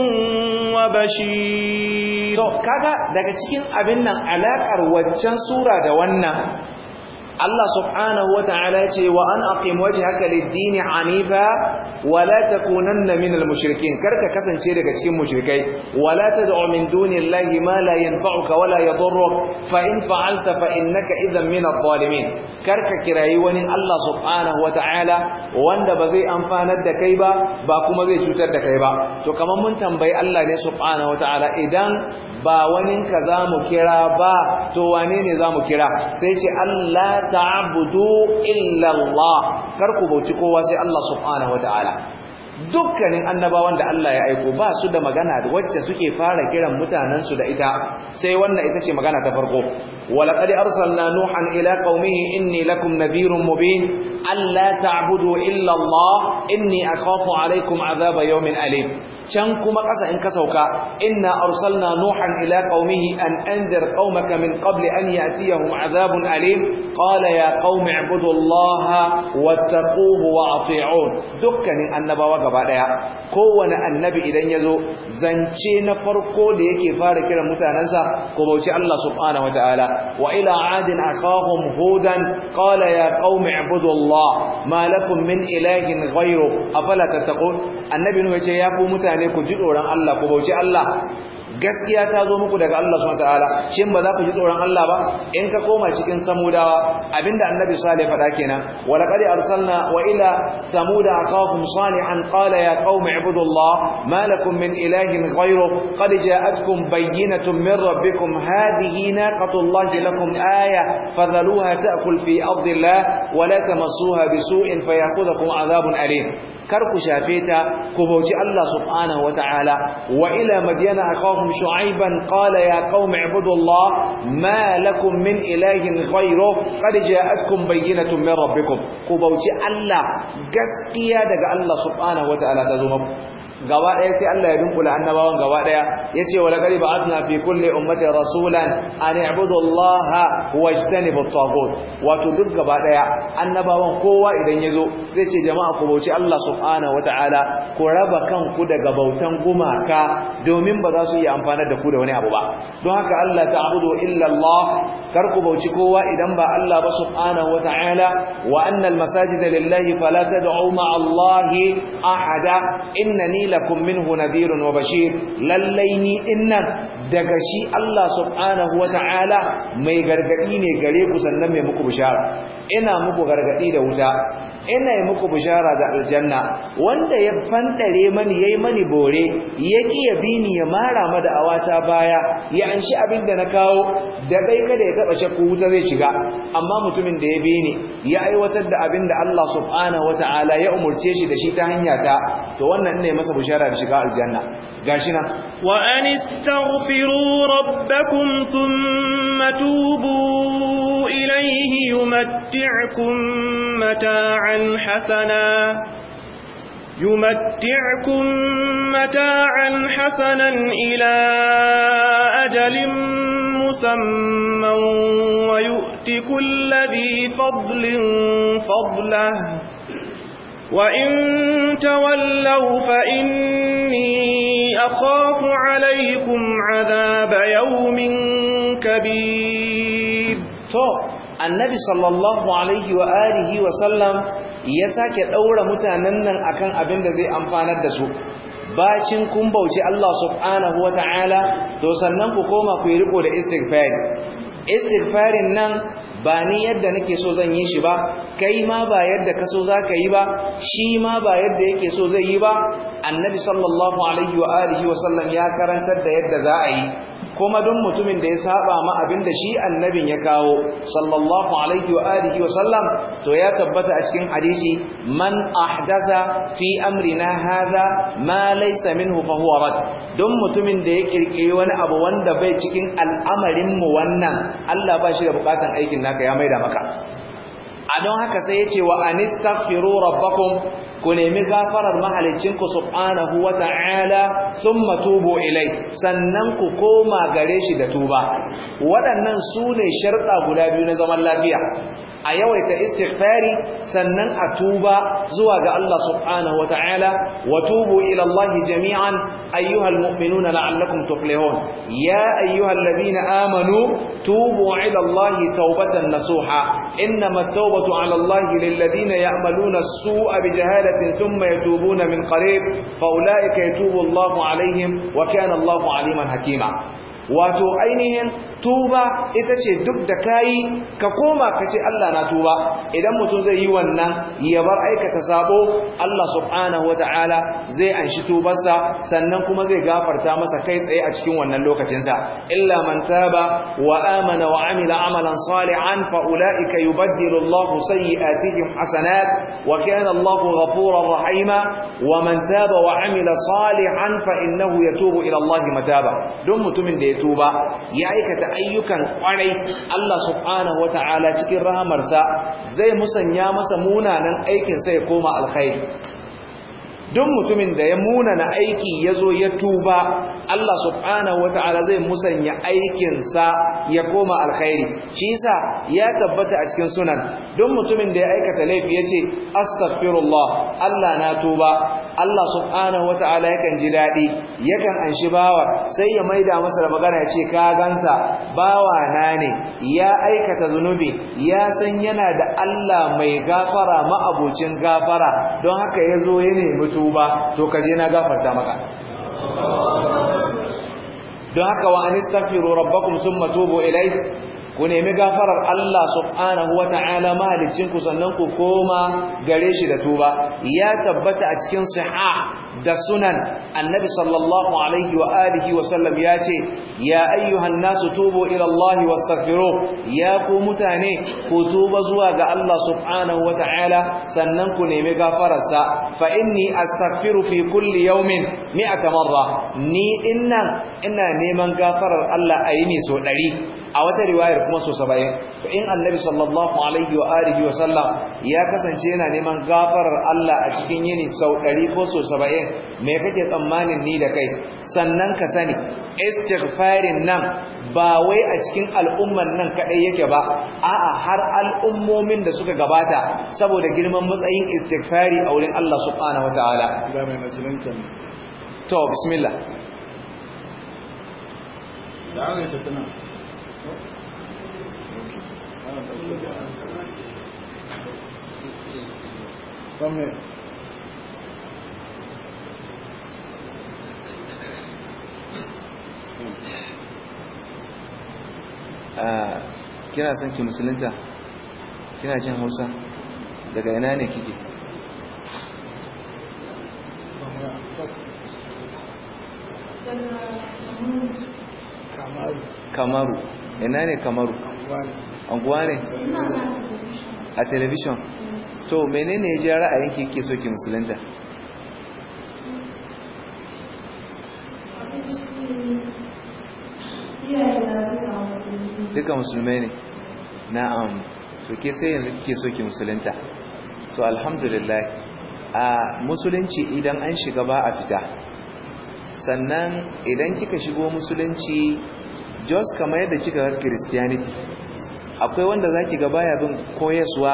وبشير to kaga daga cikin abin nan alakar waccan sura da wannan Allah subhanahu wa ta'ala ce wa an aqim wajhaka lid-dini anifa wa la takunanna minal mushrikin karka kasance daga cikin mushrikai wa la tad'u min dunillahi ma la yanfa'uka wa la yadurruk fa in fa'alta fa innaka idhan min adh-dhalimin karka kirayi wani Allah subhanahu wa ta'ala wanda ba zai amfanar da kai ba ba kuma zai cutar da kai ba to kamar mun tambayi Allah ne subhanahu wa ta'ala idan ba wani ka za mu kira ba to wane ne za mu kira sai ce Allah ta'budu illa Allah kar ku bauci kowa sai Allah subhanahu wataala dukkanin annabawan da Allah ya aiko ba su da magana da wacce suke fara kiran mutanensu da ita sai wannan ita ce magana ta farko walaqad arsalna nuhan ila qaumihi inni lakum nadhirun mubin alla ta'budu illa Allah inni akhafu alaykum adhaba yawmin alim can kuma ƙasa in ka sauka inna arsalna nuhan ila qaumihi an anzir qaumaka min qabli an ya'tiyahum azabun alim qala ya qaumi ibudullaha wattaquhu wa ati'un dukkanin annabawa gaba ɗaya. kowane annabi idan yazo zance na farko da yake fara kiran mutanensa ko bauci Allah subhanahu wa ila adin akahum hudan qala ya qaumi ibudullaha ma lakum min ilahin ghayru a tattaqun annabi nuhu yace ya fi mutane ku ji tsoron Allah ku bauci Allah gaskiya ta zo muku daga Allah subhanahu wataala shin ba za ku ji tsoron Allah ba in ka koma cikin samudawa abinda annabi salih faɗa kenan wa laqad arsalna wa ila samuda aqahum salihan qala ya qaumi ibudullah ma lakum min ilahin ghayru qad ja'atkum bayyinatun min rabbikum hadhihi naqatullahi lakum aya fadhaluha ta'kul fi ardi allah wa la tamassuha bisu'in fayakhudhukum adhabun alim karku shafe ta ku bauci Allah subhanahu wataala wa ila madyana akahum shu'aiban qala ya qaumi ibudullah ma lakum min ilahin ghayruh qad ja'atkum bayyinatun min rabbikum ku bauci Allah gaskiya daga Allah subhanahu wataala ta zo muku gaba ɗaya sai Allah ya dunkula annabawan gaba ɗaya ya ce wa laƙari ba adina fi kulle ummatin rasulan an i'budu Allah wa ijtanibu at-taghut wato duk gaba ɗaya annabawan kowa idan ya zo zai ce jama'a ku bauci Allah subhanahu ta'ala ku raba kanku daga bautan gumaka domin ba za su iya amfana da ku da wani abu ba don haka Allah ta'budu illa Allah kar ku bauci kowa idan ba Allah ba subhanahu ta'ala wa anna al-masajida lillahi fala tad'u ma'a Allah ahada innani lakum minhu nadhirun wa bashir lallai ni innan daga shi Allah subhanahu wata'ala mai gargadi ne gare ku sannan mai muku bishara ina muku gargadi da wuta ina yi muku bishara da aljanna wanda ya fandare mani yayi mani bore ya ki ya bini ya mara ma da awata baya ya anshi abin da na kawo da bai kada ya taba shakku wuta zai shiga amma mutumin da ya bini ya aiwatar da abin da Allah subhanahu wataala ya umurce shi da shi ta hanya ta to wannan ina yi masa bishara da shiga aljanna gashi na. wa anistaghfiru rabbakum thumma tubu إليه يمتعكم متاعا حسنا يمتعكم متاعا حسنا إلى أجل مسمى ويؤت كل ذي فضل فضله وإن تولوا فإني أخاف عليكم عذاب يوم كبير to annabi sallallahu alaihi wa alihi wa sallam ya take daura mutanen nan akan abin da zai amfanar da su bacin kun bauci Allah subhanahu wa to sannan ku koma ku riko da istighfari istighfarin nan ba ni yadda nake so zan yi shi ba kai ma ba yadda ka so zaka yi ba shi ma ba yadda yake so zai yi ba annabi sallallahu alaihi wa alihi wa sallam ya karantar da yadda za a yi kuma duk mutumin da ya saba ma abin da shi annabin ya kawo sallallahu alaihi wa alihi wa sallam to ya tabbata a cikin hadisi man ahdasa fi amrina hadha ma laysa minhu fa huwa rad mutumin da ya kirkiri wani abu wanda bai cikin al'amarin mu wannan Allah ba shi da bukatan aikin naka ya maida maka a don haka sai yace wa anistaghfiru rabbakum ku nemi gafarar mahalicinku subhanahu wata'ala summa tubu ilai sannan ku koma gare shi da tuba waɗannan su ne sharɗa guda biyu na zaman lafiya a yawaita istighfari sannan a tuba zuwa ga Allah subhanahu ta'ala wa tubu ila Allah jami'an أيها المؤمنون لعلكم تفلحون يا أيها الذين آمنوا توبوا إلى الله توبة نصوحا إنما التوبة على الله للذين يعملون السوء بجهالة ثم يتوبون من قريب فأولئك يتوب الله عليهم وكان الله عليما حكيما وتؤينهم tuba ita ce duk da kayi ka koma ka ce Allah na tuba idan mutum zai yi wannan ya bar aikata sabo Allah subhanahu wataala zai anshi tubarsa sannan kuma zai gafarta masa kai tsaye a cikin wannan lokacinsa. illa man taba wa amana wa amila amalan salihan fa ulaika yubaddilu Allah sayyi'atihim hasanat wa kana Allah ghafurar rahima wa man taba wa amila salihan fa innahu yatubu ila Allah mataba don mutumin da ya tuba ya aikata ayyukan kwarai Allah subhanahu wata'ala cikin rahamarsa zai musanya masa munanan aikin sai koma alkhairi duk mutumin da ya munana aiki ya zo ya tuba Allah subhanahu wata'ala zai musanya sa ya koma alkhairi shi yasa ya tabbata a cikin sunan duk mutumin da ya aikata laifi yace ce astaghfirullah Allah na tuba Allah subhanahu wata'ala yakan ji daɗi yakan anshi bawa sai ya maida masa da magana ya ce ka gansa bawa na ne ya aikata zunubi ya san yana da Allah mai gafara ma'abocin gafara don haka ya zo ya nemi tuba to ka je na gafarta maka don haka wa anistaghfiru rabbakum summa tubu ilayhi ku nemi gafarar Allah subhanahu wata'ala mahalicin ku sannan ku koma gare shi da tuba ya tabbata a cikin sahih da sunan annabi sallallahu alaihi wa alihi wa sallam ya ce ya ayyuhan nasu tubu ila Allah wastaghfiru ya ku mutane ku tuba zuwa ga Allah subhanahu wata'ala sannan ku nemi gafararsa fa inni astaghfiru fi kulli yawmin mi'ata marra ni innan ina neman gafarar Allah a so 100 a wata riwayar kuma so saba'in to in annabi sallallahu alaihi wa alihi wa sallam ya kasance yana neman gafarar Allah a cikin yini sau ɗari ko so saba'in me kake tsammanin ni da kai sannan ka sani istighfarin nan ba wai a cikin al'umman nan kaɗai yake ba a'a har al'ummomin da suka gabata saboda girman matsayin istighfari a wurin Allah subhanahu wa ta'ala to bismillah Come hmm. ah, kina son ki musulunta kina jin hausa daga ina ne kike kamaru kamaru ina ne kamaru anguwa ne a telebishon to menene ya ji ra'ayin ki ke soke musulunta duka musulmai ne na'am to ke sai yanzu kike soke musulunta to alhamdulillah a musulunci idan an shiga ba a fita sannan idan kika shigo musulunci just kamar yadda kika ga christianity akwai wanda zaki ga baya bin koyaswa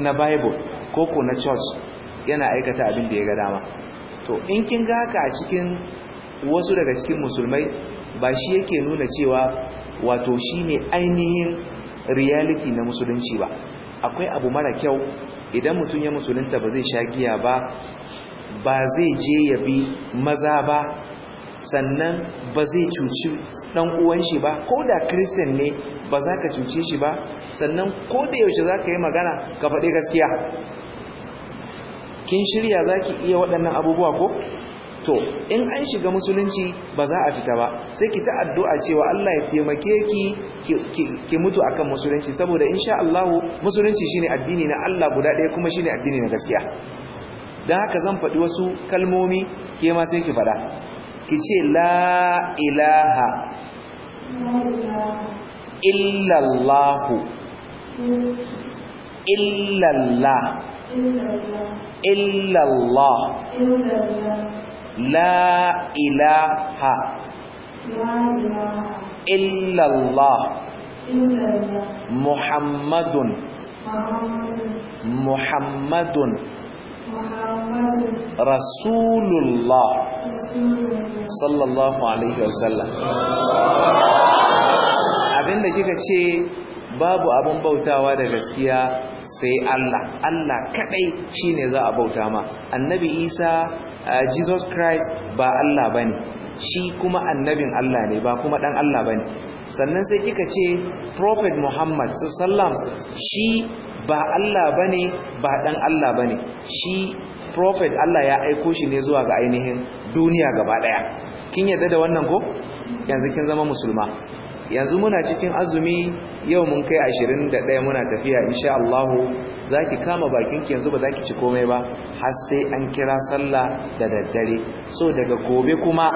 na bible ko ko na church yana aikata abin da ya ga dama to in kin ga haka a cikin wasu daga cikin musulmai ba shi yake nuna cewa wato shine ainihin reality na musulunci ba akwai abu mara kyau idan mutum ya musulunta ba zai sha giya ba ba zai je ya bi maza ba sannan ba zai cuci dan uwan shi ba ko da kristan ne ba za ka cuci shi ba sannan ko da yaushe za ka yi magana ka faɗi gaskiya kin shirya za ki iya waɗannan abubuwa ko to in an shiga musulunci ba za a fita ba sai ki ta addu'a cewa Allah ya taimake ki ki mutu akan musulunci saboda insha Allah musulunci shine addini na Allah guda ɗaya kuma shine addini na gaskiya dan haka zan faɗi wasu kalmomi ke ma sai ki faɗa ki ce la ilaha illallahu illallah illallah la ilaha illallah muhammadun muhammadun rasulullah sallallahu alaihi wasallam abinda kika ce babu abin bautawa da gaskiya sai Allah Allah kadai shine za a bauta ma annabi Isa Jesus Christ ba Allah bane shi kuma annabin Allah ne ba kuma dan Allah bane sannan sai kika ce prophet muhammad sallam shi ba allah bane ba dan allah bane shi prophet allah ya aiko shi ne zuwa ga ainihin duniya gaba daya kin yadda da wannan ko yanzu kin zama musulma yanzu muna cikin azumi yau mun kai ashirin da 21 muna tafiya insha Allah zaki kama bakin ki yanzu ba zaki ci komai ba har sai an kira sallah da daddare so daga gobe kuma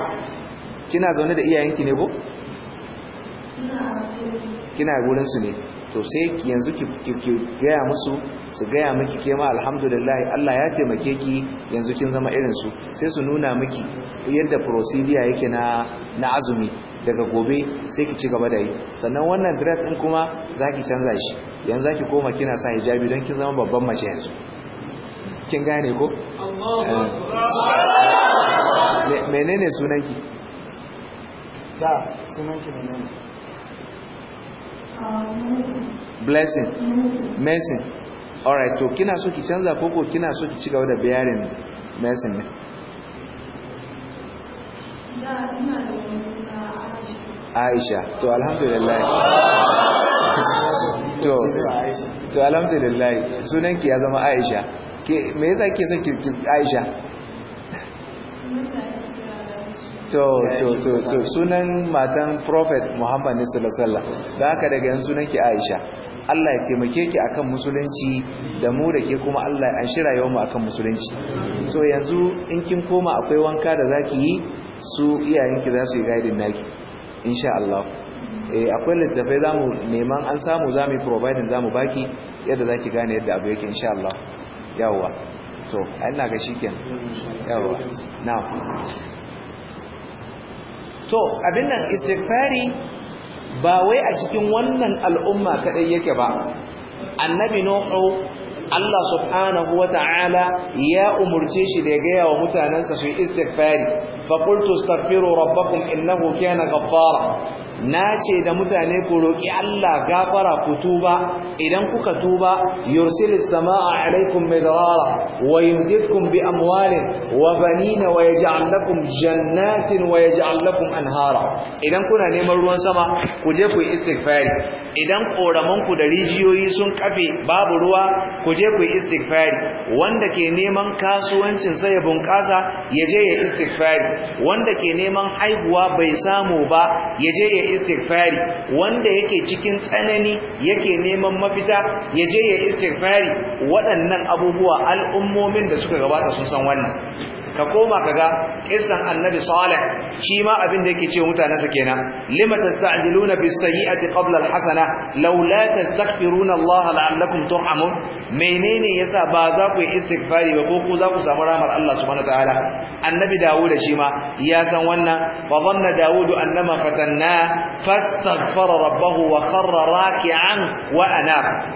kina zaune da iyayenki ne ko kina gurin su ne to sai yanzu ki gaya musu su gaya miki ke ma alhamdulillah Allah ya taimake ki yanzu kin zama irin su sai su nuna miki yadda procedure yake na na azumi daga gobe sai ki ci gaba da yi sannan wannan dress din kuma zaki canza shi yanzu zaki koma kina sa hijabi don kin zama babban mace yanzu kin gane ko eh. menene sunanki da sunanki menene blessing mercy all right to kina so ki canza koko kina so ki cigaba da bayarin mercy ne Aisha to alhamdulillah to to alhamdulillah ki ya zama Aisha ke me yasa kike son ki Aisha to to to to sunan matan prophet Muhammad sallallahu alaihi wasallam da haka daga yan sunan ki Aisha Allah ya taimake ki akan musulunci da mu da ke kuma Allah ya anshira rayuwar mu akan musulunci so yanzu in kin koma akwai wanka da zaki yi su iyayenki za su yi guiding naki insha Allah eh akwai littafai zamu neman an samu za zamu providing mu baki yadda zaki gane yadda abu yake insha Allah yawwa to Allah ga shikenan yawwa na'am to abin nan istighfari ba wai a cikin wannan al'umma kadai yake ba annabi nuhu Allah subhanahu wa ta'ala ya umurce shi da ya gaya wa mutanensa su yi istighfari fa qultu astaghfiru rabbakum innahu kana ghaffara na ce da mutane ku roƙi Allah gafara ku tuba idan kuka tuba yursilis samaa alaikum midrara wa yumdidkum bi amwali wa banina wa yaj'al lakum jannatin wa yaj'al lakum anhara idan kuna neman ruwan sama ku je ku istighfari idan koraman ku da rijiyoyi sun kafe babu ruwa ku je ku istighfari wanda ke neman kasuwancin sa ya bunƙasa ya je ya istighfari wanda ke neman haihuwa bai samu ba ya je ya istighfari wanda yake cikin tsanani yake neman mafita ya je ya istighfari waɗannan abubuwa al'ummomin da suka gabata sun san wannan ka koma kaga kissan annabi salih shi ma abin da yake ce mutane sa kenan lima tasta'jiluna bis sayyi'ati qabla al hasana law tastaghfiruna allaha la'allakum turhamun menene yasa ba za ku yi istighfari ba ko ku za ku samu rahmar Allah subhanahu wataala annabi Dawud shi ma ya san wannan fa dhanna Dawud annama fatanna fastaghfara rabbahu wa kharra raki'an wa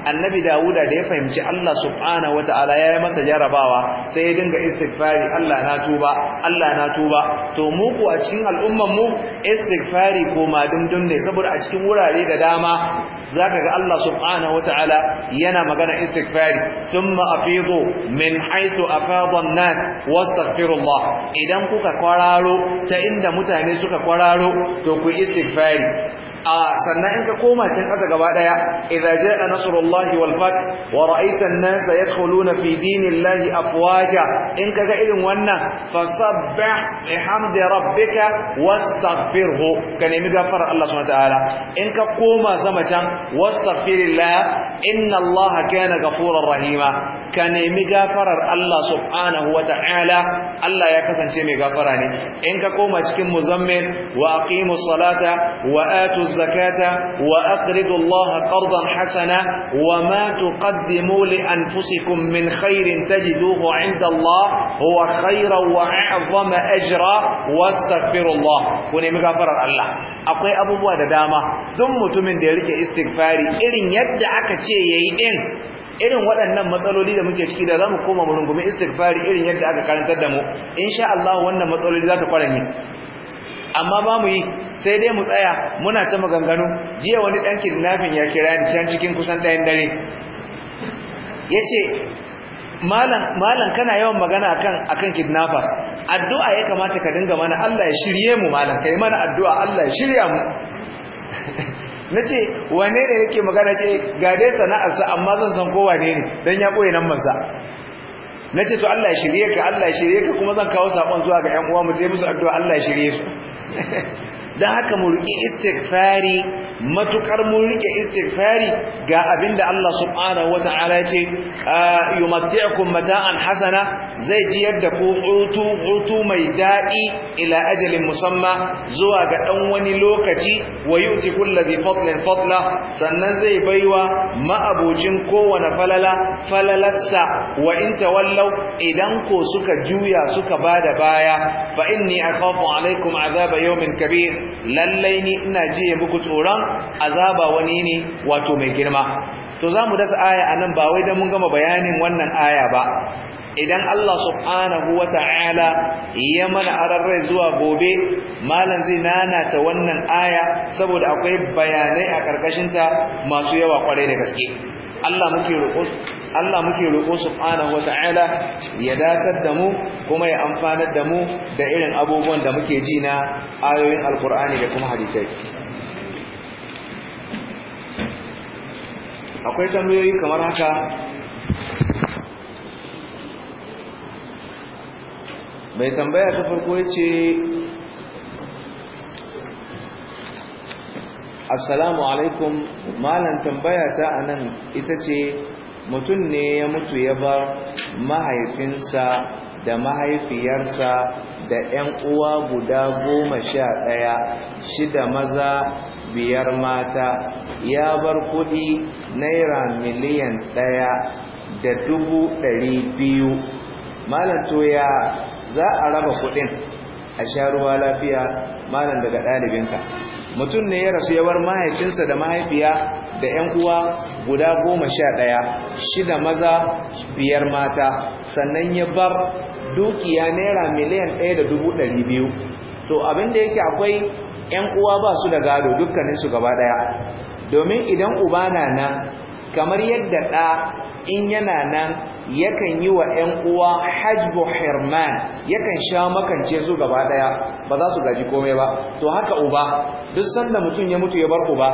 annabi Dawud da ya fahimci Allah subhanahu wataala ya yi masa jarabawa sai ya dinga istighfari Allah na tuba Allah na tuba to mu ku a cikin al'ummar mu istighfari ko ma dindin ne saboda a cikin wurare da dama zaka ga Allah subhanahu wataala yana magana istighfari thumma afidu min haythu afada an-nas wastaghfirullah idan kuka kwararo ta inda mutane suka kwararo to ku istighfari a sannan in ka koma can ƙasa gaba ɗaya idza jaa nasrullahi wal wa ra'aita nasa ya yadkhuluna fi dinillahi afwaja in ka ga irin wannan fasabbih bihamdi rabbika wastaghfirhu ka nemi gafara Allah subhanahu wataala in ka koma sama can wastaghfirillah inna Allah kana ghafurar rahima ka nemi gafarar Allah subhanahu wa ta'ala Allah ya kasance mai gafara ne in ka koma cikin muzammil wa aqimu salata wa atu zakata wa aqridu Allah qardan hasana wa ma tuqaddimu li anfusikum min khairin tajiduhu 'inda Allah huwa khairan wa a'zama ajra wastaghfirullah ku nemi gafarar Allah akwai abubuwa da dama duk mutumin da ya rike istighfari irin yadda aka ce yayi din irin waɗannan matsaloli da muke ciki da za mu koma mu rungumi istighfari irin yadda aka karantar da mu insha Allah wannan matsaloli za ta fara yi amma ba mu yi sai dai mu tsaya muna ta maganganu jiya wani ɗan kidnapping ya kira ni can cikin kusan ɗayan dare ya ce malam kana yawan magana akan akan kidnappers addu'a ya kamata ka dinga mana Allah ya shirye mu malam kai mana addu'a Allah ya shirya mu na ce wane ne yake magana ce ga dai sana'arsa amma zan san ko wane ne don ya ɓoye nan masa na ce to Allah shirye ka Allah shirye ka kuma zan kawo saƙon zuwa ga 'yan uwa mu zai musu addu'a Allah shirye su don haka mu riƙi istighfari matukar mun rike istighfari ga abinda Allah subhanahu wata'ala ya ce yumatti'ukum mata'an hasana zai ji yadda ku hutu mai daɗi ila ajalin musamma zuwa ga dan wani lokaci wa yu'ti kulli fadlin fadla sannan zai baiwa ma'abocin kowane falala falalarsa wa in tawallau idan ko suka juya suka bada baya fa inni akhafu alaikum azaba yawmin kabir lallai ni ina ji ya muku tsoron azaba wani ne wato mai girma to zamu dasa aya a nan ba wai dan mun gama bayanin wannan aya ba idan Allah subhanahu wata'ala ya mana ararrai zuwa gobe malam zai nanata wannan aya saboda akwai bayanai a karkashin ta masu yawa kwarai da gaske Allah muke roƙo Allah muke roƙo subhanahu wata'ala ya datar da mu kuma ya amfanar da mu da irin abubuwan da muke ji na ayoyin alkur'ani da kuma hadisai akwai tambayoyi kamar haka mai tambaya ta farko ya ce assalamu alaikum malam tambaya ta anan ita ce mutum ne ya mutu ya bar mahaifinsa da mahaifiyarsa da 'yan uwa guda goma sha ɗaya shida maza biyar mata ya bar kuɗi naira miliyan ɗaya da dubu ɗari biyu malam toya za a raba kuɗin a sha ruwa lafiya malam daga ɗalibinka mutum ne ya rasu ya bar mahaifinsa da mahaifiya da 'yan uwa guda goma sha ɗaya shida maza biyar mata sannan ya bar dukiya naira miliyan ɗaya da dubu ɗari biyu to abinda yake akwai 'yan uwa ba su da gado dukkaninsu gaba ɗaya domin idan uba na nan kamar yadda ɗa in yana nan yakan yi wa 'yan uwa hajjbo herman yakan sha makance su gaba ɗaya, ba za su gaji komai ba to haka uba duk sanda mutum ya mutu ya bar uba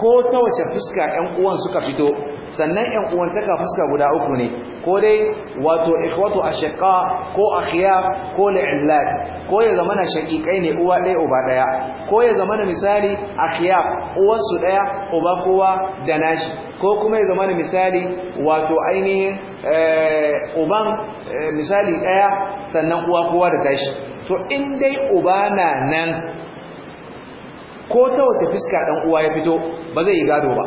ko ta wace fuska ƴan uwan suka fito sannan ƴan uwan ka fuska guda uku ne ko dai wato ikhwatu ashqa ko akhiya ko la'illat ko ya zama na shaqiqai ne uwa ɗaya uba ɗaya ko ya zama na misali akhiya uwan su ɗaya uba kowa da nashi ko kuma ya zama na misali wato ainihin eh, uban eh, misali ɗaya sannan uwa kowa da tashi to in dai uba na nan ko ta wace fiska ɗan uwa ya fito ba zai yi gado ba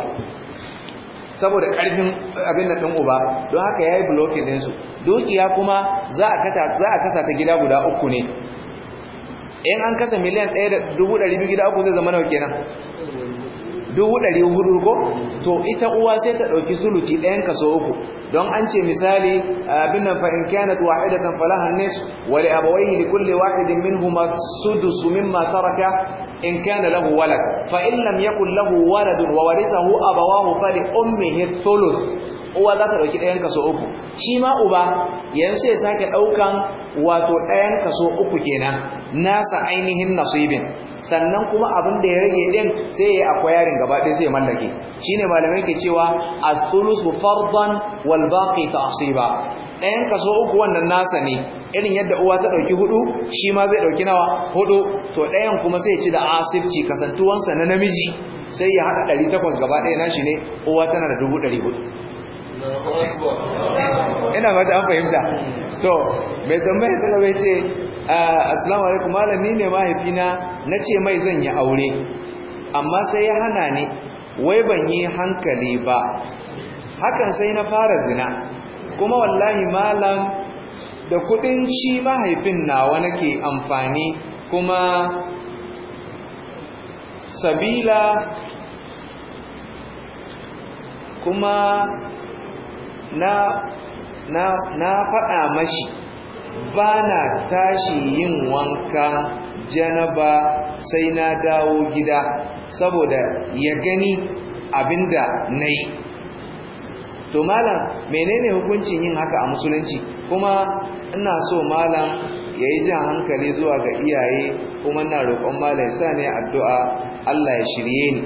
saboda ƙarfin abin da ɗan uba don haka ya yi din ɗinsu dukiya kuma za a a kasa ta gida guda uku ne in an kasa miliyan ɗaya da dubu ɗari biyu gida uku zai zama nawa kenan dubu ɗari hudu ko to ita uwa sai ta ɗauki suluki ɗayan kaso uku don an ce misali abin nan fa'in haɗe wahidatan falahan nes wale abawai hili kulle wahidin min huma sudusu taraka in kana lahu walad fa in lam yakul lahu walad wa warithahu abawahu fa li ummihi thuluth uwa za ta dauki ɗayan kaso uku shi ma uba yanzu ya sake daukan wato ɗayan kaso uku kenan nasa ainihin nasibin sannan kuma abin da ya rage din sai ya yarin gaba ɗaya sai ya mallake shine malamai ke cewa as-sulus fardan wal baqi ta'siba ɗayan kaso uku wannan nasa ne irin yadda uwa ta ɗauki hudu shi ma zai ɗauki nawa hudu to ɗayan kuma sai ya ci da asifci kasantuwansa na namiji sai ya haɗa ɗari takwas gaba ɗaya nashi ne uwa tana da dubu ɗari hudu ina fata an fahimta to mai tambaya ta gaba ce Asalamu alaikum malami ne mahaifina na ce mai zan yi aure amma sai ya hana ni wai ban yi hankali ba hakan sai na fara zina kuma wallahi malam da kudin shi mahaifin nawa nake amfani kuma sabila kuma na na na faɗa mashi ba na tashi yin wanka janaba sai na dawo gida saboda ya gani abinda na yi to malam menene hukuncin yin haka a musulunci kuma ina so malam ya yi jan hankali zuwa ga iyaye kuma na roƙon malam sa ne addu'a Allah ya shirye ni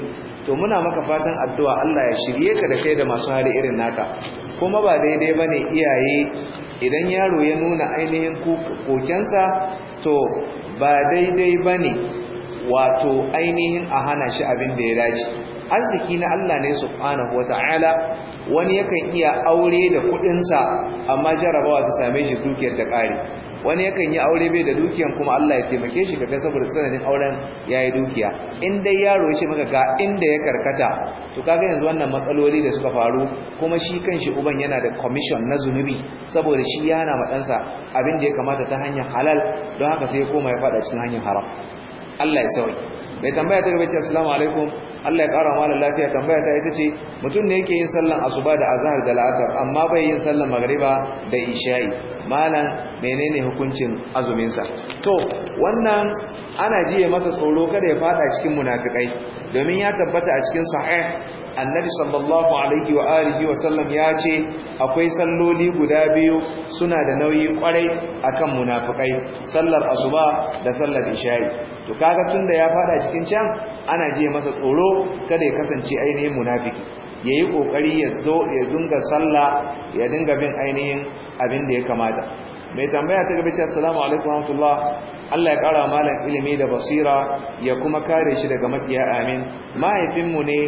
to muna maka fatan addu'a Allah ya shirye ka da kai da masu hali irin naka kuma ba daidai bane iyaye idan yaro ya nuna ainihin kokensa to ba daidai ba ne wato ainihin a hana shi abin da ya dace arziki na Allah ne subhanahu wata'ala wani yakan iya aure da kudinsa amma jarabawa ta same shi dukiyar da kare wani yakan yi aure bai da dukiyan kuma Allah ya taimake shi ka kai saboda sanadin auren yayi dukiya in dai yaro ya ce maka ga inda ya karkata to kaga yanzu wannan matsaloli da suka faru kuma shi kanshi uban yana da commission na zunubi saboda shi ya hana matsansa abin da ya kamata ta hanyar halal don haka sai ya koma ya fada cikin hanyar haram Allah ya sauki Bai tambaya ta gaba ce assalamu alaikum Allah ya ƙara malam lafiya tambaya ta ita ce mutum ne yake yin sallan asuba da azhar da la'asar amma bai yin sallan magriba da isha'i malam menene hukuncin azumin sa to wannan ana jiye masa tsoro kada ya fada cikin munafikai domin ya tabbata a cikin sahih annabi sallallahu alaihi wa alihi wa sallam ya ce akwai salloli guda biyu suna da nauyi kwarai akan munafikai sallar asuba da sallar isha'i to kaga da ya fada cikin can ana je masa tsoro kada ya kasance ainihin munafiki yayi kokari ya zo ya dinga sallah ya dinga bin ainihin abin da ya kamata mai tambaya ta gaba assalamu alaikum warahmatullah Allah ya kara malam ilimi da basira ya kuma kare shi daga makiya amin mahaifinmu ne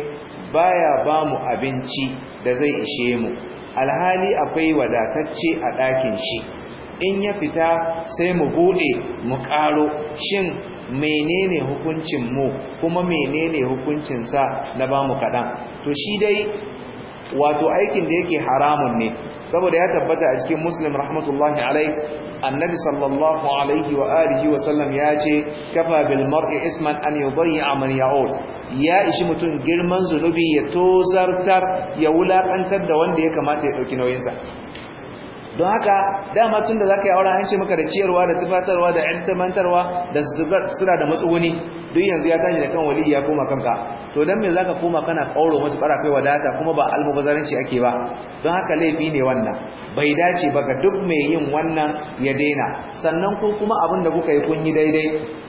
baya ba mu abinci da zai ishe mu alhali akwai wadatacce a ɗakin shi in ya fita sai mu buɗe mu ƙaro shin menene hukuncin mu kuma menene hukuncin sa na bamu kadan to shi dai wato aikin da yake haramun ne saboda ya tabbata a cikin muslim rahmatullahi alai annabi sallallahu alaihi wa alihi wa sallam ya ce kafa bil mar'i isman an yudayya man ya'ud ya ishi mutum girman zunubi ya tozartar ya wulakantar da wanda ya kamata ya dauki nauyin sa don haka dama tun da za ka yi aure an ce maka da ciyarwa da tufatarwa da ilmantarwa da suna da matsuguni duk yanzu ya tashi da kan wali ya koma kanka to dan me zaka koma kana ƙauro mutu ƙara kai wadata kuma ba almubazaranci ake ba don haka laifi ne wannan bai dace ba ga duk mai yin wannan ya daina sannan ku kuma abin da kuka yi kun yi daidai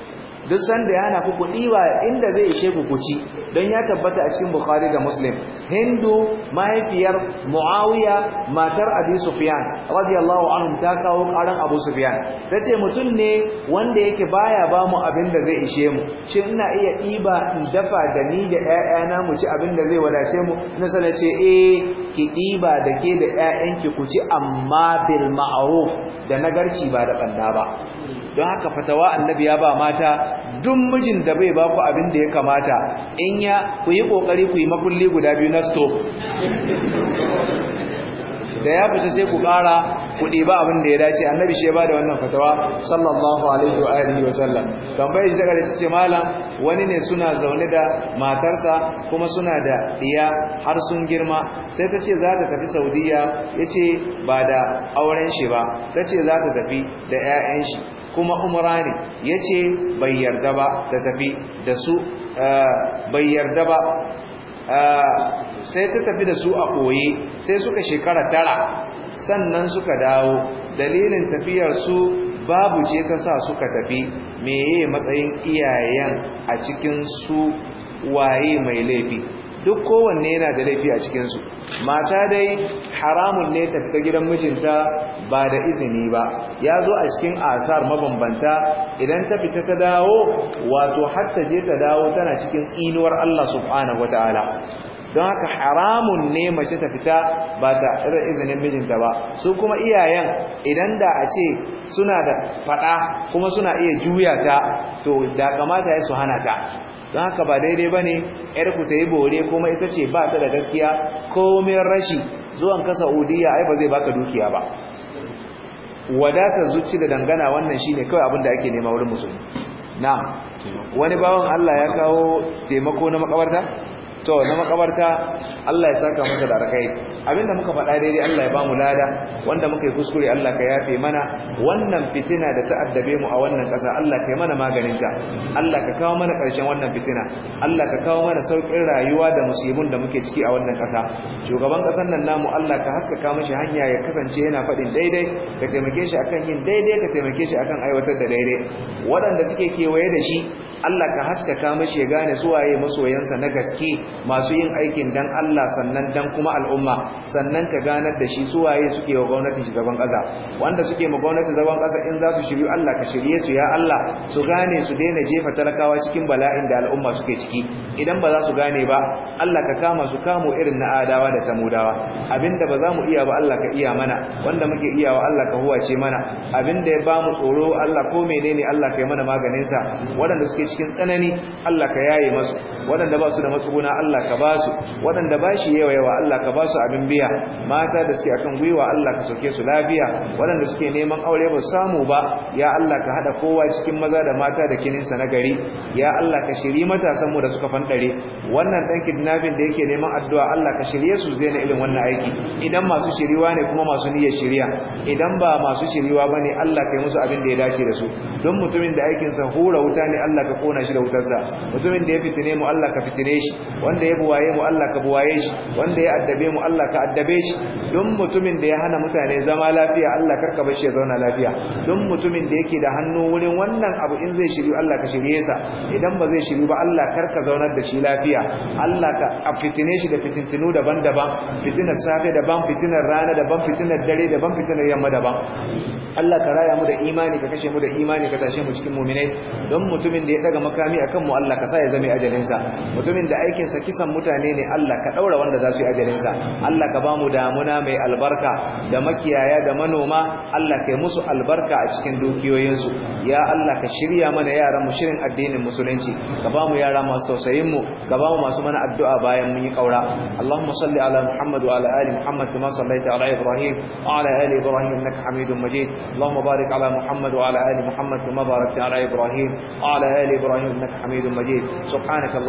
duk sanda yana ku kuɗi wa inda zai ishe ku kuci don ya tabbata a cikin bukhari da muslim hindu mahaifiyar muawiya matar abu sufiyan radiyallahu anhu ta kawo karan abu sufiyan ta ce mutum ne wanda yake baya ba mu abin da zai ishe mu shi ina iya ɗiba in dafa da ni da ƴaƴana mu ci abin da zai wadace mu na sana ce eh ki ɗiba da ke da ƴaƴanki ku ci amma bil ma'ruf da nagarci ba da ɓanda ba don haka fatawa annabi ya ba mata duk mijin da bai ba ku abin da ya kamata in ya ku yi kokari ku yi makulli guda biyu na stop da ya fita sai ku kara ku ɗiba abin da ya dace annabi shi ya ba da wannan fatawa sallallahu alaihi wa alihi wa sallam tambayar shi daga da ce malam wani ne suna zaune da matarsa kuma suna da ɗiya har sun girma sai ta ce za ta tafi saudiya ya ce ba da auren shi ba ta ce za ta tafi da 'ya'yan shi kuma umra ne ce bai yarda ba ta tafi da su eh, bai yarda ba eh, sai ta tafi da su a koyi sai suka shekara tara sannan suka dawo dalilin tafiyar su babu ce ta sa suka tafi meye matsayin iyayen a cikin su waye mai laifi duk kowanne yana da laifi a cikinsu mata dai haramun ne ta gidan mijinta ba da izini ba ya zo a cikin asar mabambanta idan ta fita ta dawo wato har ta je ta dawo tana cikin tsinuwar Allah subhanahu wataala don haka haramun ne mace ta fita ba da izinin mijinta ba su kuma iyayen idan da a ce suna da fada kuma suna iya juya ta to da kamata ya su hana ta don haka ba daidai ba ne ku ta yi bore kuma ita ce ba ta da gaskiya komai rashi zuwan ka Sa'udiyya ai ba zai baka dukiya ba wadatar zuci da dangana wannan shine kawai abin da ake nema wurin musulmi na wani bawan allah ya kawo taimako na makabarta to na makabarta Allah ya saka masa da rakai abinda muka faɗa daidai Allah ya bamu lada wanda muka yi kuskure Allah ka yafe mana wannan fitina da ta addabe mu a wannan ƙasa Allah ka yi mana maganinta Allah ka kawo mana ƙarshen wannan fitina Allah ka kawo mana saukin rayuwa da musibin da muke ciki a wannan ƙasa shugaban ƙasar nan namu Allah ka haskaka mashi hanya ya kasance yana faɗin daidai ka taimake shi akan yin daidai ka taimake shi akan aiwatar da daidai waɗanda suke kewaye da shi Allah ka haskaka mashi ya gane suwaye masoyansa na gaske masu yin aikin dan Allah sannan dan kuma al'umma sannan ka ganar da shi suwaye suke wa gwamnatin shugaban ƙasa wanda suke ma gwamnatin zaban ƙasa in za su shiryu Allah ka shirye su ya Allah su gane su daina jefa talakawa cikin bala'in da al'umma suke ciki idan ba za su gane ba Allah ka kama su kamo irin na adawa da samudawa abinda ba za mu iya ba Allah ka iya mana wanda muke iya wa Allah ka huwace mana abinda ya ba mu tsoro Allah ko menene Allah ka yi mana sa waɗanda suke cikin tsanani Allah ka yaye masu waɗanda ba su da matsuguna Allah ka ba su waɗanda ba shi yawa yawa Allah ka ba su abin biya mata da suke akan gwiwa Allah ka sauke su lafiya waɗanda suke neman aure ba samu ba ya Allah ka haɗa kowa cikin maza da mata da kininsa na gari ya Allah ka shiri matasan mu da suka fanɗare wannan ɗan kidnapping da yake neman addu'a Allah ka shirye su zai na irin wannan aiki idan masu shiriwa ne kuma masu niyyar shiriya idan ba masu shiriwa ba ne Allah ka yi musu abin da ya dace da su don mutumin da aikinsa hura wuta ne Allah ka kona shi da wutarsa mutumin da ya fitine mu Allah ka fitire shi wanda ya buwaye mu Allah ka buwaye shi wanda ya addabe mu Allah ka addabe shi don mutumin da ya hana mutane zama lafiya Allah karka bar shi ya zauna lafiya don mutumin da yake da hannu wurin wannan abu in zai shiru Allah ka shirye sa idan ba zai shiru ba Allah karka zaunar da shi lafiya Allah ka fitine shi da fitintinu daban-daban fitinar safe daban fitinar rana daban fitinar dare daban fitinar yamma daban Allah ka raya mu da imani ka kashe mu da imani ka tashe mu cikin mu'minai don mutumin da ya daga makami akan mu Allah ka sa ya zame ajalinsa mutumin da aikinsa kisan mutane ne Allah ka daura wanda za su yi ajalinsa Allah ka bamu damuna mai albarka da makiyaya da manoma Allah ka yi musu albarka a cikin dukiyoyinsu ya Allah ka shirya mana yaran mu shirin addinin musulunci ka bamu yara masu tausayin mu ka bamu masu mana addu'a bayan mun yi kaura Allahumma salli ala Muhammad wa ala ali Muhammad kama sallaita ala Ibrahim wa ala ali Ibrahim innaka Hamidum Majid Allahumma barik ala Muhammad wa ala ali Muhammad kama barakta ala Ibrahim wa ala ali Ibrahim innaka Hamidum Majid subhanaka